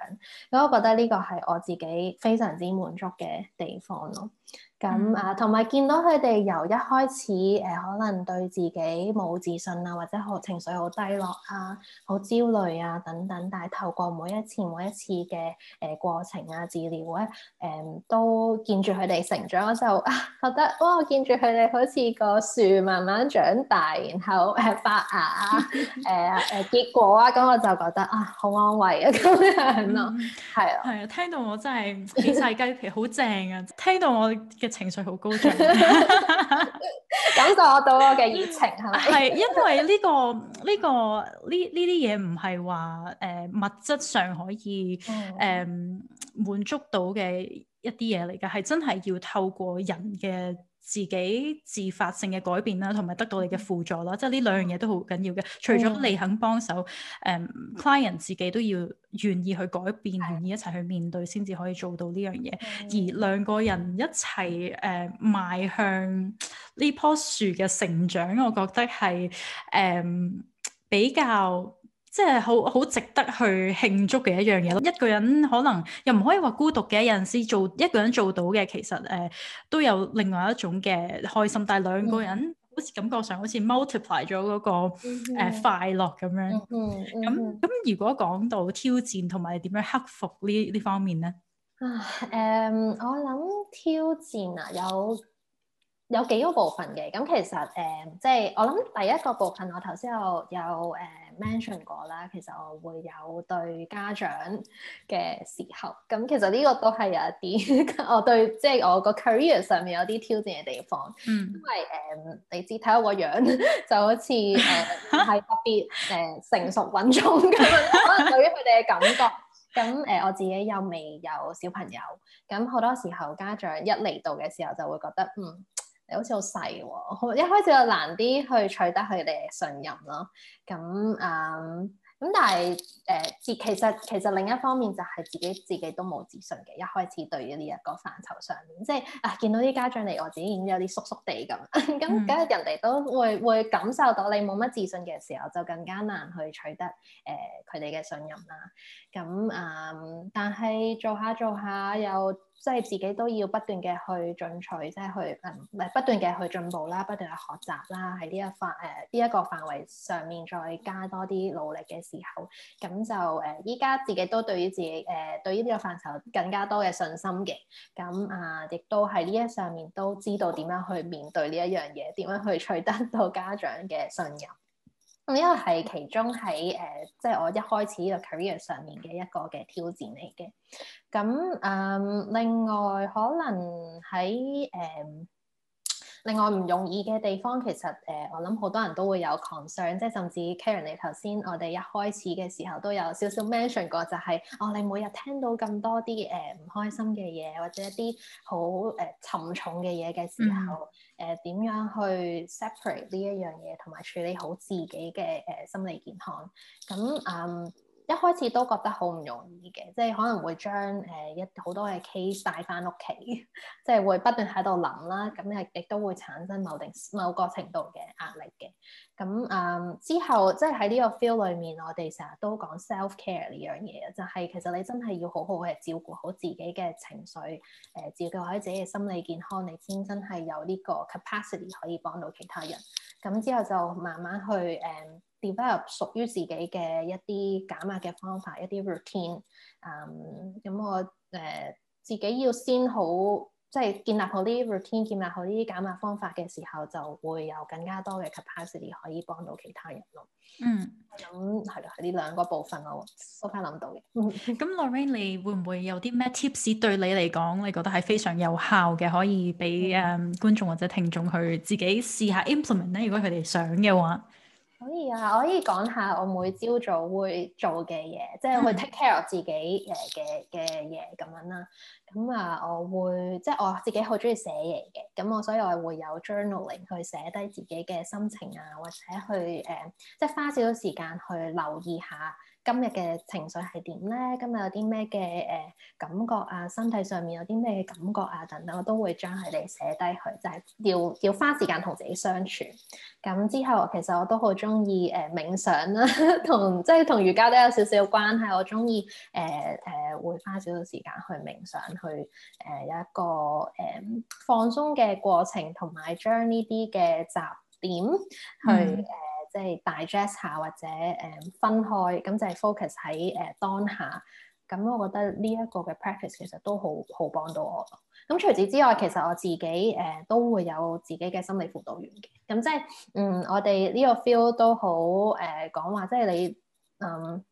咁我覺得呢個係我自己非常之滿足嘅地方咯。咁啊，同埋見到佢哋由一開始誒、呃，可能對自己冇自信啊，或者好情緒好低落啊，好焦慮啊。等等，但係透過每一次、每一次嘅誒過程啊、治療咧、啊，誒都見住佢哋成長，我就覺得哇！哦、我見住佢哋好似個樹慢慢長大，然後誒發芽啊、誒、呃、誒、呃、結果啊，咁、嗯、我就覺得啊，好安慰啊咁樣咯。係啊，係、嗯、啊，聽到我真係起晒雞皮，好正啊！聽到我嘅情緒好高漲，感覺我對我嘅熱情係咪？係因為呢、呢個呢、呢個呢呢啲嘢唔係話。啊、呃，物質上可以誒、呃、滿足到嘅一啲嘢嚟嘅，係真係要透過人嘅自己自發性嘅改變啦，同埋得到你嘅輔助啦。嗯、即係呢兩樣嘢都好緊要嘅。除咗你肯幫手，誒、呃、client 自己都要願意去改變，願意、嗯、一齊去面對，先至可以做到呢樣嘢。嗯、而兩個人一齊誒、呃、邁向呢棵樹嘅成長，我覺得係誒、呃、比較。即係好好值得去慶祝嘅一樣嘢咯。一個人可能又唔可以話孤獨嘅，有陣時做一個人做到嘅，其實誒、呃、都有另外一種嘅開心。但係兩個人、嗯、好似感覺上好似 multiply 咗嗰個誒快樂咁樣。咁咁、嗯哼，如果講到挑戰同埋點樣克服呢呢方面咧啊誒、嗯，我諗挑戰啊有有幾個部分嘅。咁其實誒，即、嗯、係、即係、我諗第一個部分，我頭先有有誒。有有有有有有有 mention 過啦，其實我會有對家長嘅時候，咁其實呢個都係有一啲我對，即係我個 career 上面有啲挑戰嘅地方，嗯、因為誒、um, 你知睇我個樣 就好似誒唔係特別誒、uh, 成熟穩重咁樣， 可能對於佢哋嘅感覺，咁誒、uh, 我自己又未有小朋友，咁好多時候家長一嚟到嘅時候就會覺得嗯。你好似好細喎，一開始又難啲去取得佢哋嘅信任咯。咁啊，咁、嗯、但係誒、呃，其實其實另一方面就係自己自己都冇自信嘅，一開始對於呢一個範疇上面，即係啊，見到啲家長嚟，我自己已經有啲叔叔地縮縮地咁。咁梗係人哋都會會感受到你冇乜自信嘅時候，就更加難去取得誒佢哋嘅信任啦。咁啊、嗯，但係做下做下又～即係自己都要不斷嘅去進取，即係去誒唔係不斷嘅去進步啦，不斷去學習啦，喺呢一範誒呢一個範圍上面再加多啲努力嘅時候，咁就誒依家自己都對於自己誒對於呢個範疇更加多嘅信心嘅，咁啊亦都喺呢一上面都知道點樣去面對呢一樣嘢，點樣去取得到家長嘅信任。呢個係其中喺誒，即、呃、係、即係、我一開始呢個 career 上面嘅一個嘅挑戰嚟嘅。咁誒、嗯，另外可能喺誒。嗯另外唔容易嘅地方，其實誒、呃，我諗好多人都會有 concern，即係甚至 Karen 你頭先，我哋一開始嘅時候都有少少 mention 過，就係、是、哦，你每日聽到咁多啲誒唔開心嘅嘢，或者一啲好誒沉重嘅嘢嘅時候，誒點、mm hmm. 呃、樣去 separate 呢一樣嘢，同埋處理好自己嘅誒、呃、心理健康，咁嗯。Um, 一開始都覺得好唔容易嘅，即係可能會將誒一好多嘅 case 帶翻屋企，即係會不斷喺度諗啦，咁係亦都會產生某定某個程度嘅壓力嘅。咁嗯之後即係喺呢個 feel 裏面，我哋成日都講 self care 呢樣嘢，就係、是、其實你真係要好好嘅照顧好自己嘅情緒，誒照顧好自己嘅心理健康，你先真係有呢個 capacity 可以幫到其他人。咁之後就慢慢去誒。嗯 develop 屬於自己嘅一啲減壓嘅方法，一啲 routine、um。嗯，咁我誒、呃、自己要先好，即係建立好啲 routine，建立好啲減壓方法嘅時候，就會有更加多嘅 capacity 可以幫到其他人咯。嗯，咁係啦，係呢兩個部分我都翻諗到嘅。咁 Lorraine，你會唔會有啲咩 tips 對你嚟講，你覺得係非常有效嘅，可以俾誒、um, 觀眾或者聽眾去自己試下 implement 咧？如果佢哋想嘅話。可以啊，我可以講下我每朝早會做嘅嘢，即係會 take care of 自己誒嘅嘅嘢咁樣啦。咁啊，我會即係我自己好鍾意寫嘢嘅，咁我所以我會有 journaling 去寫低自己嘅心情啊，或者去誒、呃，即係花少少時間去留意下。今日嘅情緒係點咧？今日有啲咩嘅誒感覺啊？身體上面有啲咩嘅感覺啊？等等，我都會將佢哋寫低去，就係、是、要要花時間同自己相處。咁之後其實我都好中意誒冥想啦，同 即係同瑜伽都有少少關係。我中意誒誒會花少少時間去冥想去誒有、呃、一個誒、呃、放鬆嘅過程，同埋將呢啲嘅雜點去誒。嗯即係 digest 下或者誒、嗯、分開，咁就係 focus 喺誒、呃、當下。咁我覺得呢一個嘅 practice 其實都好好幫到我。咁除此之外，其實我自己誒、呃、都會有自己嘅心理輔導員嘅。咁即係嗯，我哋呢個 feel 都好誒、呃、講話，即係你嗯。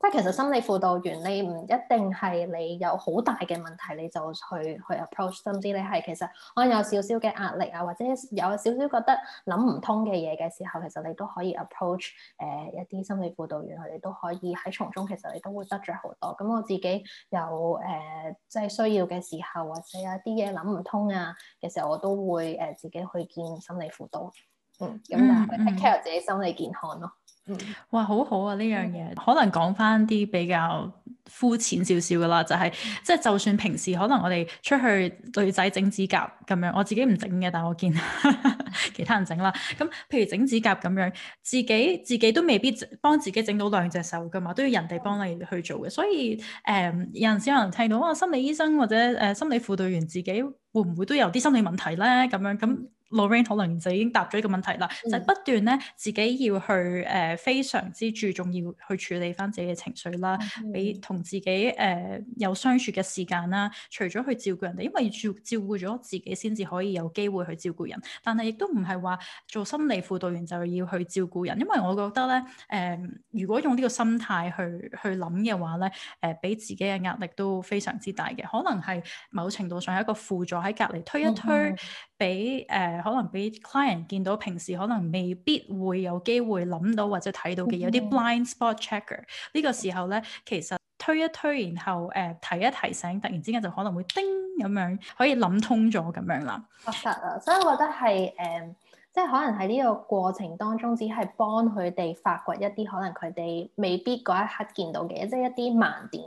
即係其實心理輔導員，你唔一定係你有好大嘅問題，你就去去 approach，甚至你係其實我有少少嘅壓力啊，或者有少少覺得諗唔通嘅嘢嘅時候，其實你都可以 approach 誒、呃、一啲心理輔導員，佢哋都可以喺從中其實你都會得著好多。咁我自己有誒即係需要嘅時候，或者有啲嘢諗唔通啊嘅時候，我都會誒、呃、自己去見心理輔導。嗯，咁、嗯、啊，去 care 自己心理健康咯。嗯，哇，好好啊，呢樣嘢，嗯、可能講返啲比較膚淺少少噶啦，就係即係，嗯、就，就算平時可能我哋出去女仔整指甲咁樣，我自己唔整嘅，但係我見 其他人整啦。咁，譬如整指甲咁樣，自己自己都未必幫自己整到兩隻手噶嘛，都要人哋幫你去做嘅。嗯、所以，誒、呃，有陣時可能聽到啊、哦，心理醫生或者誒心理輔導員自己會唔會都有啲心理問題咧？咁樣咁。Lorraine 可能就已經答咗呢個問題啦，嗯、就係不斷咧自己要去誒、呃、非常之注重，要去處理翻自己嘅情緒啦，俾、嗯、同自己誒、呃、有相處嘅時間啦。除咗去照顧人哋，因為要照照顧咗自己先至可以有機會去照顧人。但係亦都唔係話做心理輔導員就要去照顧人，因為我覺得咧誒、呃，如果用呢個心態去去諗嘅話咧，誒、呃、俾自己嘅壓力都非常之大嘅。可能係某程度上係一個輔助喺隔離推一推，俾誒、嗯。嗯可能俾 client 見到，平時可能未必會有機會諗到或者睇到嘅有啲 blind spot checker。呢個時候咧，其實推一推，然後誒、呃、提一提醒，突然之間就可能會叮咁樣可以諗通咗咁樣啦，確實啊，所以我覺得係誒，即、呃、係、就是、可能喺呢個過程當中，只係幫佢哋發掘一啲可能佢哋未必嗰一刻見到嘅，即、就、係、是、一啲盲點。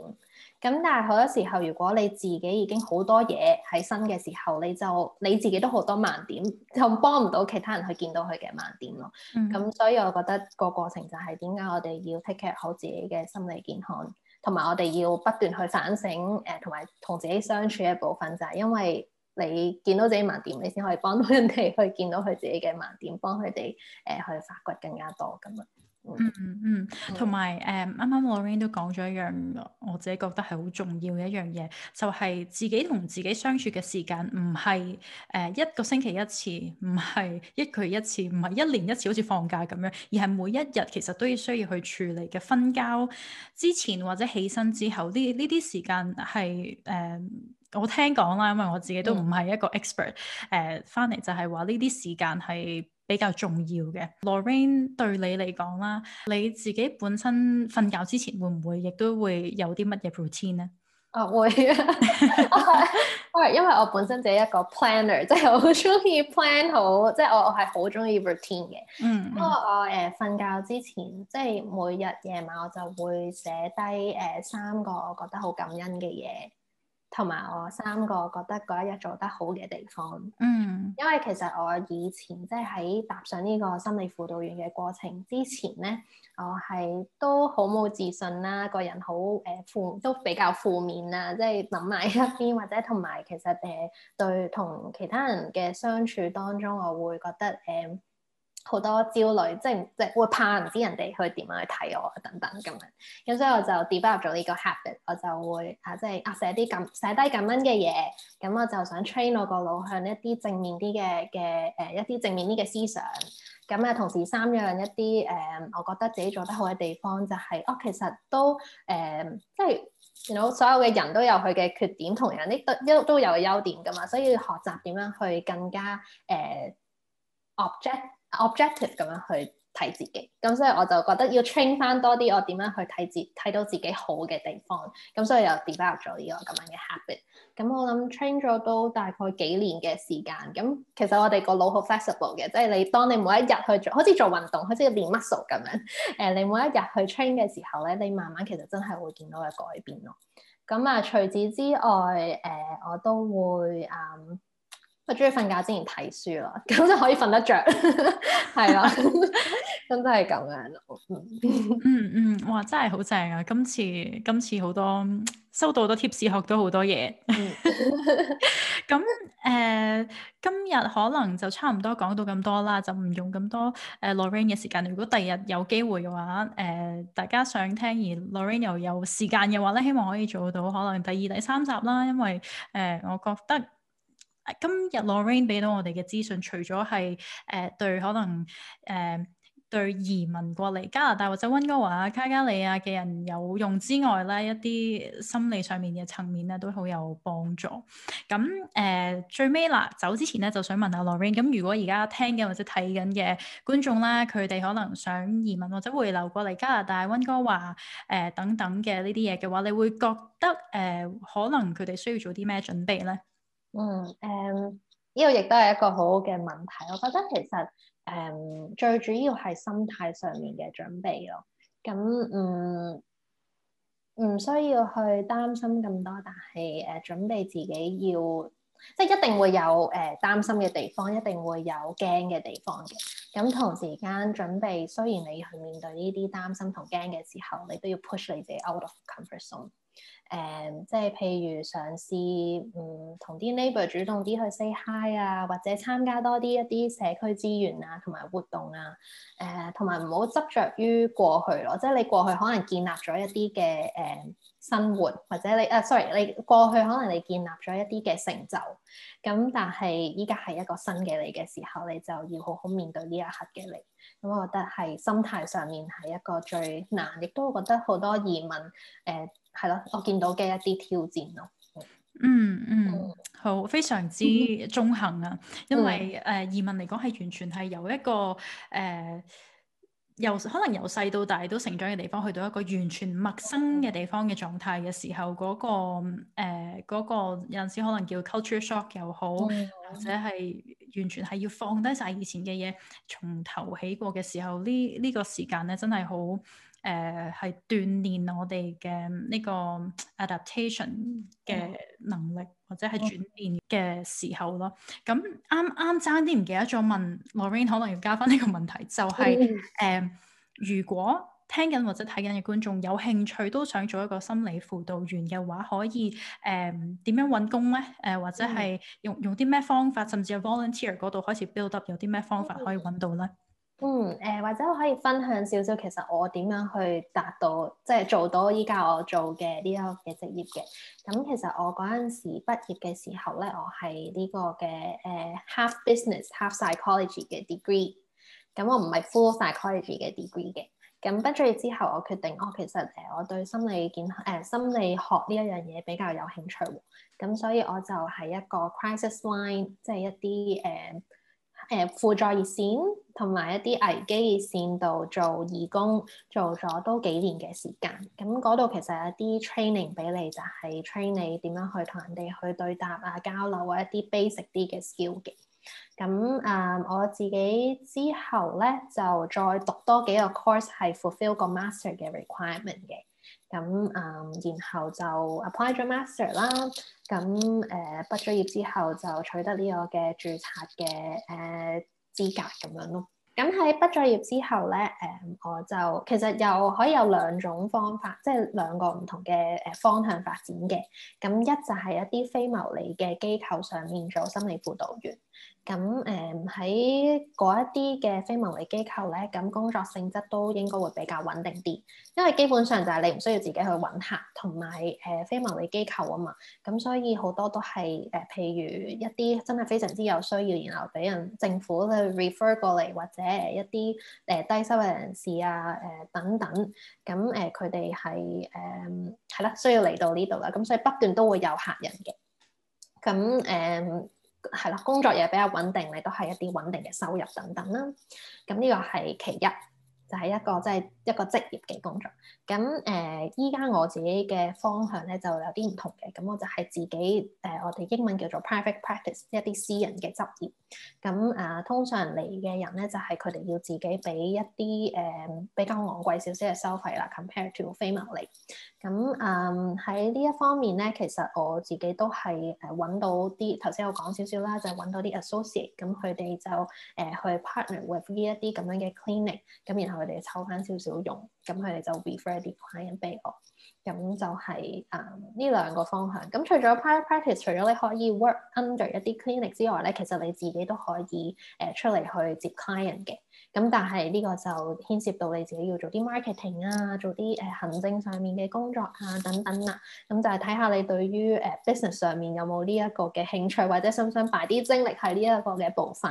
咁但係好多時候，如果你自己已經好多嘢喺身嘅時候，你就你自己都好多盲點，就幫唔到其他人去見到佢嘅盲點咯。咁、嗯、所以我覺得個過程就係點解我哋要 take care 好自己嘅心理健康，同埋我哋要不斷去反省誒，同埋同自己相處嘅部分，就係、是、因為你見到自己盲點，你先可以幫到人哋去見到佢自己嘅盲點，幫佢哋誒去發掘更加多咁樣。嗯嗯，同埋誒，啱啱 Lorraine 都講咗一樣，我自己覺得係好重要嘅一樣嘢，就係、是、自己同自己相處嘅時間，唔係誒一個星期一次，唔係一個月一次，唔係一年一次，好似放假咁樣，而係每一日其實都要需要去處理嘅。瞓覺之前或者起身之後，呢呢啲時間係誒、嗯，我聽講啦，因為我自己都唔係一個 expert，誒翻嚟、嗯呃、就係話呢啲時間係，比較重要嘅，Lorraine 對你嚟講啦，你自己本身瞓覺之前會唔會亦都會有啲乜嘢 routine 咧？啊會啊 我，因為我本身就一個 planner，即係我好中意 plan 好，即係我我係好中意 routine 嘅、嗯。嗯，不過我誒瞓覺之前，即係每日夜晚我就會寫低誒三個我覺得好感恩嘅嘢。同埋我三個覺得嗰一日做得好嘅地方，嗯，因為其實我以前即係喺踏上呢個心理輔導員嘅過程之前咧，我係都好冇自信啦，個人好誒、呃、負都比較負面啦，即係諗埋一邊，或者同埋其實誒、呃、對同其他人嘅相處當中，我會覺得誒。呃好多焦慮，即係即係會怕唔知人哋去點樣去睇我等等咁樣，咁、嗯、所以我就 develop 咗呢個 habit，我就會啊即係、就是啊、寫啲咁寫低咁樣嘅嘢，咁我就想 train 我個腦向一啲正面啲嘅嘅誒一啲、呃、正面啲嘅思想，咁啊同時三樣一啲誒、呃、我覺得自己做得好嘅地方就係、是、哦、呃、其實都誒即係所有嘅人都有佢嘅缺點，同人啲都都有優點㗎嘛，所以要學習點樣去更加誒、呃、object。objective 咁樣去睇自己，咁所以我就覺得要 train 翻多啲我點樣去睇自睇到自己好嘅地方，咁所以又 develop 咗呢個咁樣嘅 habit。咁我諗 train 咗都大概幾年嘅時間，咁其實我哋個腦好 flexible 嘅，即係你當你每一日去做，好似做運動，好似練 muscle 咁樣，誒，你每一日去 train 嘅時候咧，你慢慢其實真係會見到嘅改變咯。咁啊，除此之外，誒，我都會嗯。我中意瞓覺之前睇書咯，咁就可以瞓得着，係 啦、啊， 真係咁樣咯。 嗯嗯嗯，哇，真係好正啊！今次今次好多收到好多 tips，學到好多嘢。咁 誒、 呃，今日可能就差唔多講到咁多啦，就唔用咁多誒 Lorraine 嘅時間。如果第日有機會嘅話，誒、呃、大家想聽而 Lorraine 又有時間嘅話咧，希望可以做到。可能第二、第三集啦，因為誒、呃，我覺得。今日 Lorraine 俾到我哋嘅資訊，除咗係誒對可能誒、呃、對移民過嚟加拿大或者温哥華啊、卡加利啊嘅人有用之外咧，一啲心理上面嘅層面咧都好有幫助。咁誒、呃、最尾啦，走之前咧就想問下 Lorraine，咁如果而家聽緊或者睇緊嘅觀眾啦，佢哋可能想移民或者回流過嚟加拿大、温哥華誒、呃、等等嘅呢啲嘢嘅話，你會覺得誒、呃、可能佢哋需要做啲咩準備咧？嗯，誒、嗯、呢、這個亦都係一個好好嘅問題。我覺得其實，誒、嗯，最主要係心態上面嘅準備咯。咁，唔、嗯、唔需要去擔心咁多，但係誒、呃，準備自己要，即係一定會有誒擔、呃、心嘅地方，一定會有驚嘅地方嘅。咁同時間準備，雖然你去面對呢啲擔心同驚嘅時候，你都要 push 你自己 out of comfort zone。誒、嗯，即係譬如嘗試，嗯，同啲 neighbor 主動啲去 say hi 啊，或者參加多啲一啲社區資源啊，同埋活動啊，誒、呃，同埋唔好執着於過去咯，即係你過去可能建立咗一啲嘅誒生活，或者你誒、啊、sorry，你過去可能你建立咗一啲嘅成就，咁但係依家係一個新嘅你嘅時候，你就要好好面對呢一刻嘅你。咁我覺得係心態上面係一個最難，亦都覺得好多移民誒、呃係咯，我見到嘅一啲挑戰咯。嗯嗯，好，非常之中肯啊。嗯、因為誒、呃、移民嚟講，係完全係由一個誒、呃、由可能由細到大都成長嘅地方，去到一個完全陌生嘅地方嘅狀態嘅時候，嗰、嗰個誒、呃嗰個、有陣時可能叫 culture shock 又好，嗯、或者係完全係要放低晒以前嘅嘢，從頭起過嘅時候，呢呢、呢個時間咧真係好。誒係、uh, 鍛鍊我哋嘅呢個 adaptation 嘅能力，嗯、或者係轉變嘅時候咯。咁啱啱爭啲唔記得咗問 Lorraine，可能要加翻呢個問題，就係、是、誒，嗯 uh, 如果聽緊或者睇緊嘅觀眾有興趣，都想做一個心理輔導員嘅話，可以誒點、uh, 樣揾工咧？誒、uh, 或者係用、嗯、用啲咩方法，甚至係 volunteer 嗰度開始 build up，有啲咩方法可以揾到咧？嗯嗯，誒、呃、或者我可以分享少少，其實我點樣去達到，即、就、係、是、做到依家我做嘅呢一個嘅職業嘅。咁其實我嗰陣時畢業嘅時候咧，我係呢個嘅誒、呃、half business half psychology 嘅 degree。咁我唔係 full psychology 嘅 degree 嘅。咁畢咗業之後，我決定我、哦、其實誒，我對心理健康誒、呃、心理學呢一樣嘢比較有興趣喎。咁所以我就係一個 crisis line，即係一啲誒。呃誒、呃、輔助熱線同埋一啲危機熱線度做義工，做咗都幾年嘅時間。咁嗰度其實有啲 training 俾你，就係、是、train 你點樣去同人哋去對答啊、交流啊一啲 basic 啲嘅 skill 嘅。咁啊、嗯，我自己之後咧就再讀多幾個 course，係 fulfill 個 master 嘅 requirement 嘅。咁啊、嗯，然後就 apply 咗 master 啦。咁誒、呃、畢咗業之後就取得呢個嘅註冊嘅誒、呃、資格咁樣咯。咁喺畢咗業之後咧，誒、呃、我就其實又可以有兩種方法，即、就、係、是、兩個唔同嘅誒方向發展嘅。咁一就係一啲非牟利嘅機構上面做心理輔導員。咁誒喺嗰一啲嘅非牟利機構咧，咁工作性質都應該會比較穩定啲，因為基本上就係你唔需要自己去搵客，同埋誒非牟利機構啊嘛，咁所以好多都係誒，譬如一啲真係非常之有需要，然後俾人政府去 refer 過嚟，或者一啲誒低收入人士啊，誒等等，咁誒佢哋係誒係啦，需要嚟到呢度啦，咁所以不斷都會有客人嘅，咁誒。嗯係啦，工作又比較穩定，你都係一啲穩定嘅收入等等啦。咁呢個係其一，就係、是、一個即係、就是、一個職業嘅工作。咁誒，依、呃、家我自己嘅方向咧就有啲唔同嘅，咁我就係自己誒、呃，我哋英文叫做 private practice 一啲私人嘅執業。咁誒、啊，通常嚟嘅人咧，就係佢哋要自己俾一啲誒、嗯、比較昂貴少少嘅收費啦，compared to Family。咁誒喺呢一方面咧，其實我自己都係誒揾到啲頭先我講少少啦，就揾、係、到啲 associate，咁、嗯、佢哋就誒、呃、去 partner with 呢一啲咁樣嘅 clinic，咁、嗯、然後佢哋抽翻少少傭，咁佢哋就 refer 啲 client 俾我。咁就係誒呢兩個方向。咁除咗 practice，除咗你可以 work under 一啲 clinic 之外咧，其實你自己都可以誒、呃、出嚟去接 client 嘅。咁但係呢個就牽涉到你自己要做啲 marketing 啊，做啲誒、呃、行政上面嘅工作啊等等啦、啊。咁、嗯、就係、是、睇下你對於誒 business、呃、上面有冇呢一個嘅興趣，或者想唔想擺啲精力喺呢一個嘅部分。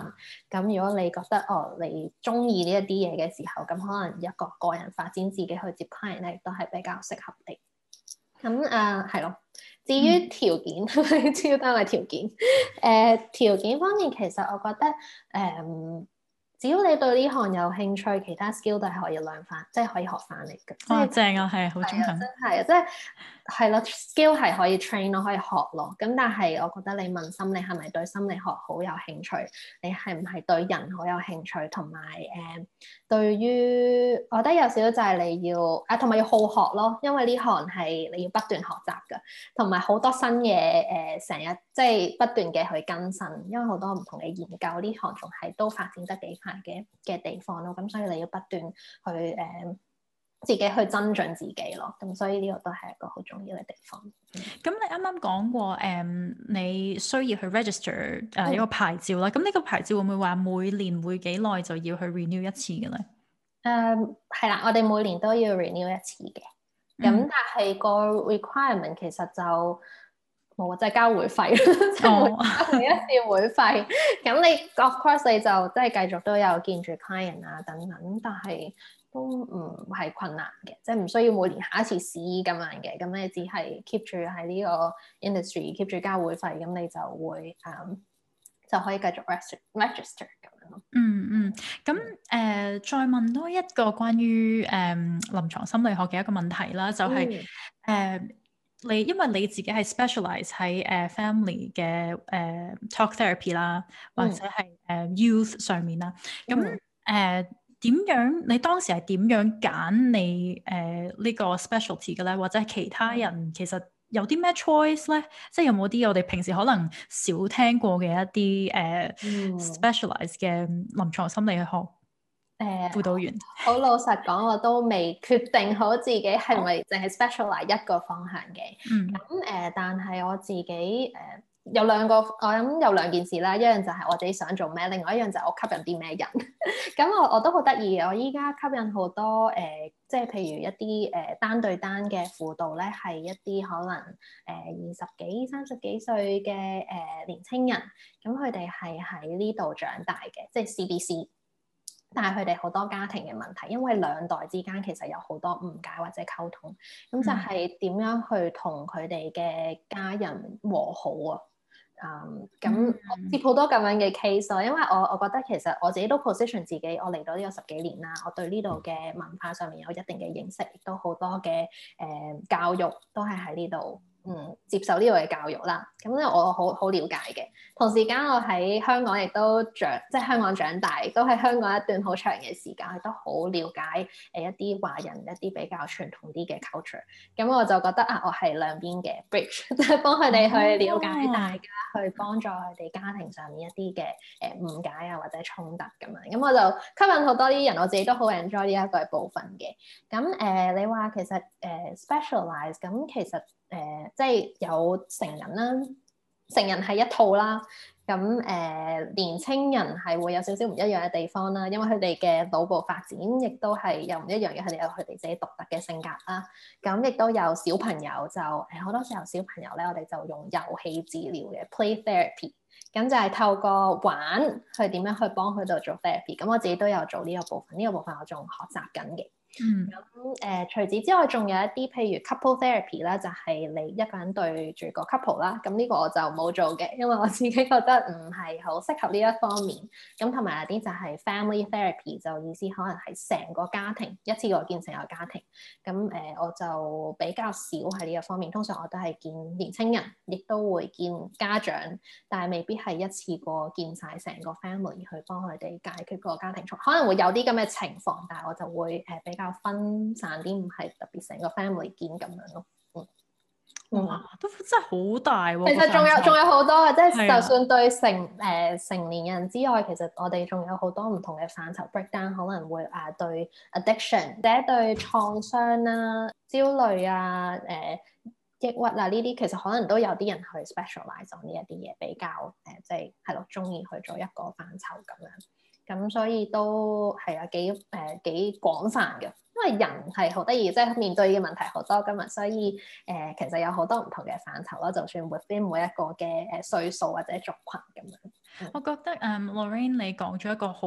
咁、嗯、如果你覺得哦，你中意呢一啲嘢嘅時候，咁、嗯、可能一個個人發展自己去接 client 咧，都係比較適合你。咁誒係咯。嗯、至於條件， 超多嘅條件。誒、呃、條件方面，其實我覺得誒。呃只要你對呢行有興趣，其他 skill 都係可以量化，即係可以學翻嚟嘅。哇、哦，是正啊，係好中肯。真係，即係係咯，skill 係可以 train 咯，可以學咯。咁但係我覺得你問心理係咪對心理學好有興趣？你係唔係對人好有興趣？同埋誒，對於我覺得有少少就係你要啊，同埋要好學咯，因為呢行係你要不斷學習嘅，同埋好多新嘢誒，成、呃、日即係不斷嘅去更新，因為好多唔同嘅研究，呢行仲係都發展得幾快。嘅嘅地方咯，咁、嗯、所以你要不斷去誒、嗯、自己去增進自己咯，咁、嗯、所以呢個都係一個好重要嘅地方。咁你啱啱講過誒、嗯，你需要去 register 誒、呃嗯、一個牌照啦，咁呢個牌照會唔會話每年會幾耐就要去 renew 一次嘅咧？誒、嗯，係啦，我哋每年都要 renew 一次嘅，咁、嗯嗯、但係個 requirement 其實就。冇啊，即係、就是、交會費咯，oh. 就一次會費。咁 你 of course 你就即係 繼續都有見住 client 啊等等，但係都唔係困難嘅，即係唔需要每年下一次試咁難嘅。咁你只係 keep 住喺呢個 industry，keep 住交會費，咁你就會嗯、um, 就可以繼續 register，register 咁咯。嗯嗯，咁誒，uh, 再問多一個關於誒 um, 臨床心理學嘅一個問題啦，就係誒。你因為你自己係 specialize 喺誒、uh, family 嘅誒、uh, talk therapy 啦、嗯，或者係誒、uh, youth 上面啦，咁誒點樣？你當時係點樣揀你誒、uh, 呢個 specialty 嘅咧？或者係其他人其實有啲咩 choice 咧？即係有冇啲我哋平時可能少聽過嘅一啲誒、uh, 嗯、specialize 嘅臨床心理學？誒，uh, 輔導員，好 老實講，我都未決定好自己係咪淨係 specialize 一個方向嘅。咁誒、mm hmm. 呃，但係我自己誒、呃、有兩個，我諗有兩件事啦。一樣就係我自己想做咩，另外一樣就係我吸引啲咩人。咁、 嗯、我我都好得意嘅，我依家吸引好多誒，即、呃、係譬如一啲誒、呃、單對單嘅輔導咧，係一啲可能誒二十幾、三十幾歲嘅誒、呃、年青人。咁佢哋係喺呢度長大嘅，即、就、係、是、C B C。但係佢哋好多家庭嘅問題，因為兩代之間其實有好多誤解或者溝通，咁就係點樣去同佢哋嘅家人和好啊？嗯，咁、um, 接好多咁樣嘅 case，因為我我覺得其實我自己都 position 自己，我嚟到呢個十幾年啦，我對呢度嘅文化上面有一定嘅認識，亦都好多嘅誒、呃、教育都係喺呢度。嗯，接受呢度嘅教育啦，咁、嗯、咧我好好了解嘅。同時間，我喺香港亦都長即係香港長大，亦都喺香港一段好長嘅時間，亦都好了解誒一啲華人一啲比較傳統啲嘅 culture。咁、嗯、我就覺得啊，我係兩邊嘅 bridge，即係 都幫佢哋去了解大家，oh, yeah. 去幫助佢哋家庭上面一啲嘅誒誤解啊，或者衝突咁樣。咁、嗯、我就吸引好多啲人，我自己都好 enjoy 呢一個部分嘅。咁誒、呃，你話其實誒、呃、specialize 咁、嗯，其實。誒、呃，即係有成人啦，成人係一套啦，咁誒、呃，年青人係會有少少唔一樣嘅地方啦，因為佢哋嘅腦部發展亦都係又唔一樣，佢哋有佢哋自己獨特嘅性格啦，咁亦都有小朋友就誒，好、呃、多時候小朋友咧，我哋就用遊戲治療嘅 play therapy，咁就係透過玩去點樣去幫佢度做 therapy，咁我自己都有做呢個部分，呢、呢個部分我仲學習緊嘅。嗯，咁誒、嗯、除此之外，仲有一啲譬如 couple therapy 啦，就係你一個人對住個 couple 啦。咁呢個我就冇做嘅，因為我自己覺得唔係好適合呢一方面。咁同埋有啲就係 family therapy，就意思可能係成個家庭一次過見成個家庭。咁誒我就比較少喺呢一方面。通常我都係見年青人，亦都會見家長，但係未必係一次過見晒成個 family 去幫佢哋解決個家庭衝。可能會有啲咁嘅情況，但係我就會誒、呃、比較。較分散啲，唔係特別成個 family 見咁樣咯。嗯哇嗯，都真係好大喎、啊。其實仲有仲有好多啊，即、就、係、是、就算對成誒、啊呃、成年人之外，其實我哋仲有好多唔同嘅範疇 breakdown，可能會啊、呃、對 addiction，或者對創傷啦、啊、焦慮啊、誒、呃、抑鬱啊呢啲，其實可能都有啲人去 specialise 呢一啲嘢，比較誒即係係咯，中、呃、意、就是呃、去做一個範疇咁樣。咁所以都係啊，幾誒、呃、幾廣泛嘅，因為人係好得意，即係面對嘅問題好多今日，所以誒、呃、其實有好多唔同嘅範疇咯，就算活啲每一個嘅誒歲數或者族群咁樣。我覺得誒、um，Lorraine，你講咗一個好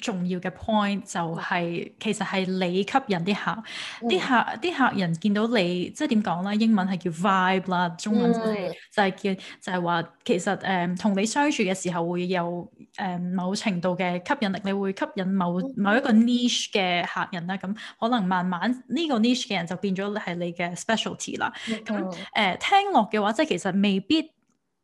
重要嘅 point，就係、是、其實係你吸引啲客，啲客啲客人見到你，即係點講咧？英文係叫 vibe 啦，中文就係叫就係話，其實誒、嗯、同你相處嘅時候會有誒、嗯、某程度嘅吸引力，你會吸引某某一個 niche 嘅客人咧。咁可能慢慢呢個 niche 嘅人就變咗係你嘅 specialty 啦。咁誒、嗯呃、聽落嘅話，即係其實未必。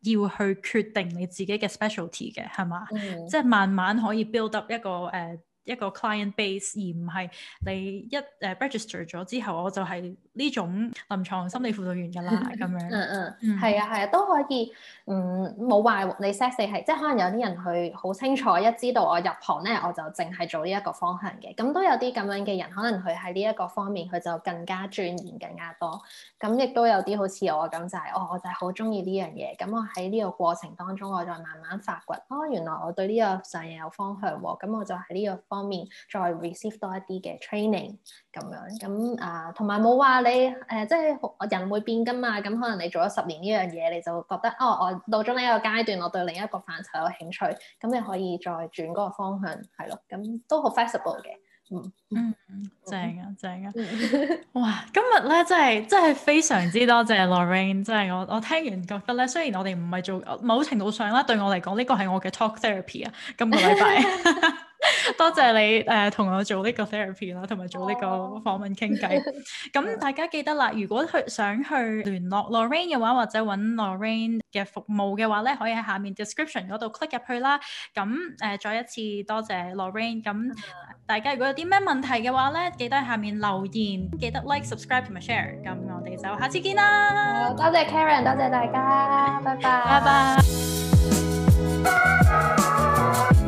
要去決定你自己嘅 specialty 嘅，係嘛？即係慢慢可以 build up 一個誒一個 client base，而唔係你一誒 register 咗之後我就係。呢種臨床心理輔導員㗎啦，咁 樣， 嗯嗯，係啊係啊，都、啊、可以，嗯，冇話你 s e x 你係，即係可能有啲人佢好清楚，一知道我入行咧，我就淨係做呢一個方向嘅，咁都有啲咁樣嘅人，可能佢喺呢一個方面佢就更加鑽研更加多，咁亦都有啲好似我咁就係、是，哦，我就係好中意呢樣嘢，咁我喺呢個過程當中，我再慢慢發掘，哦，原來我對呢個上有方向喎，咁、哦、我就喺呢個方面再 receive 多一啲嘅 training 咁樣，咁啊，同埋冇話。你誒、呃、即係我人會變㗎嘛，咁、嗯、可能你做咗十年呢樣嘢，你就覺得哦，我到咗呢一個階段，我對另一個範疇有興趣，咁你可以再轉嗰個方向，係咯，咁都好 flexible 嘅，嗯。嗯，正啊，正啊， 哇，今日咧真係真係非常之多謝 Lorraine，真係 我我聽完覺得咧，雖然我哋唔係做，某程度上咧對我嚟講呢個係我嘅 talk therapy 啊，今個禮拜 多謝你誒，同、呃、我做呢個 therapy 啦，同埋做呢個訪問傾偈。咁大家記得啦，如果去想去聯絡 Lorraine 嘅話，或者揾 Lorraine 嘅服務嘅話咧，可以喺下面 description 嗰度 click 入去啦。咁誒、呃，再一次多謝 Lorraine，咁大家如果有啲咩問題問題嘅話咧，記得下面留言，記得 like、subscribe 同埋 share，咁我哋就下次見啦！好，多謝 Karen，多謝大家，拜拜 bye，拜拜。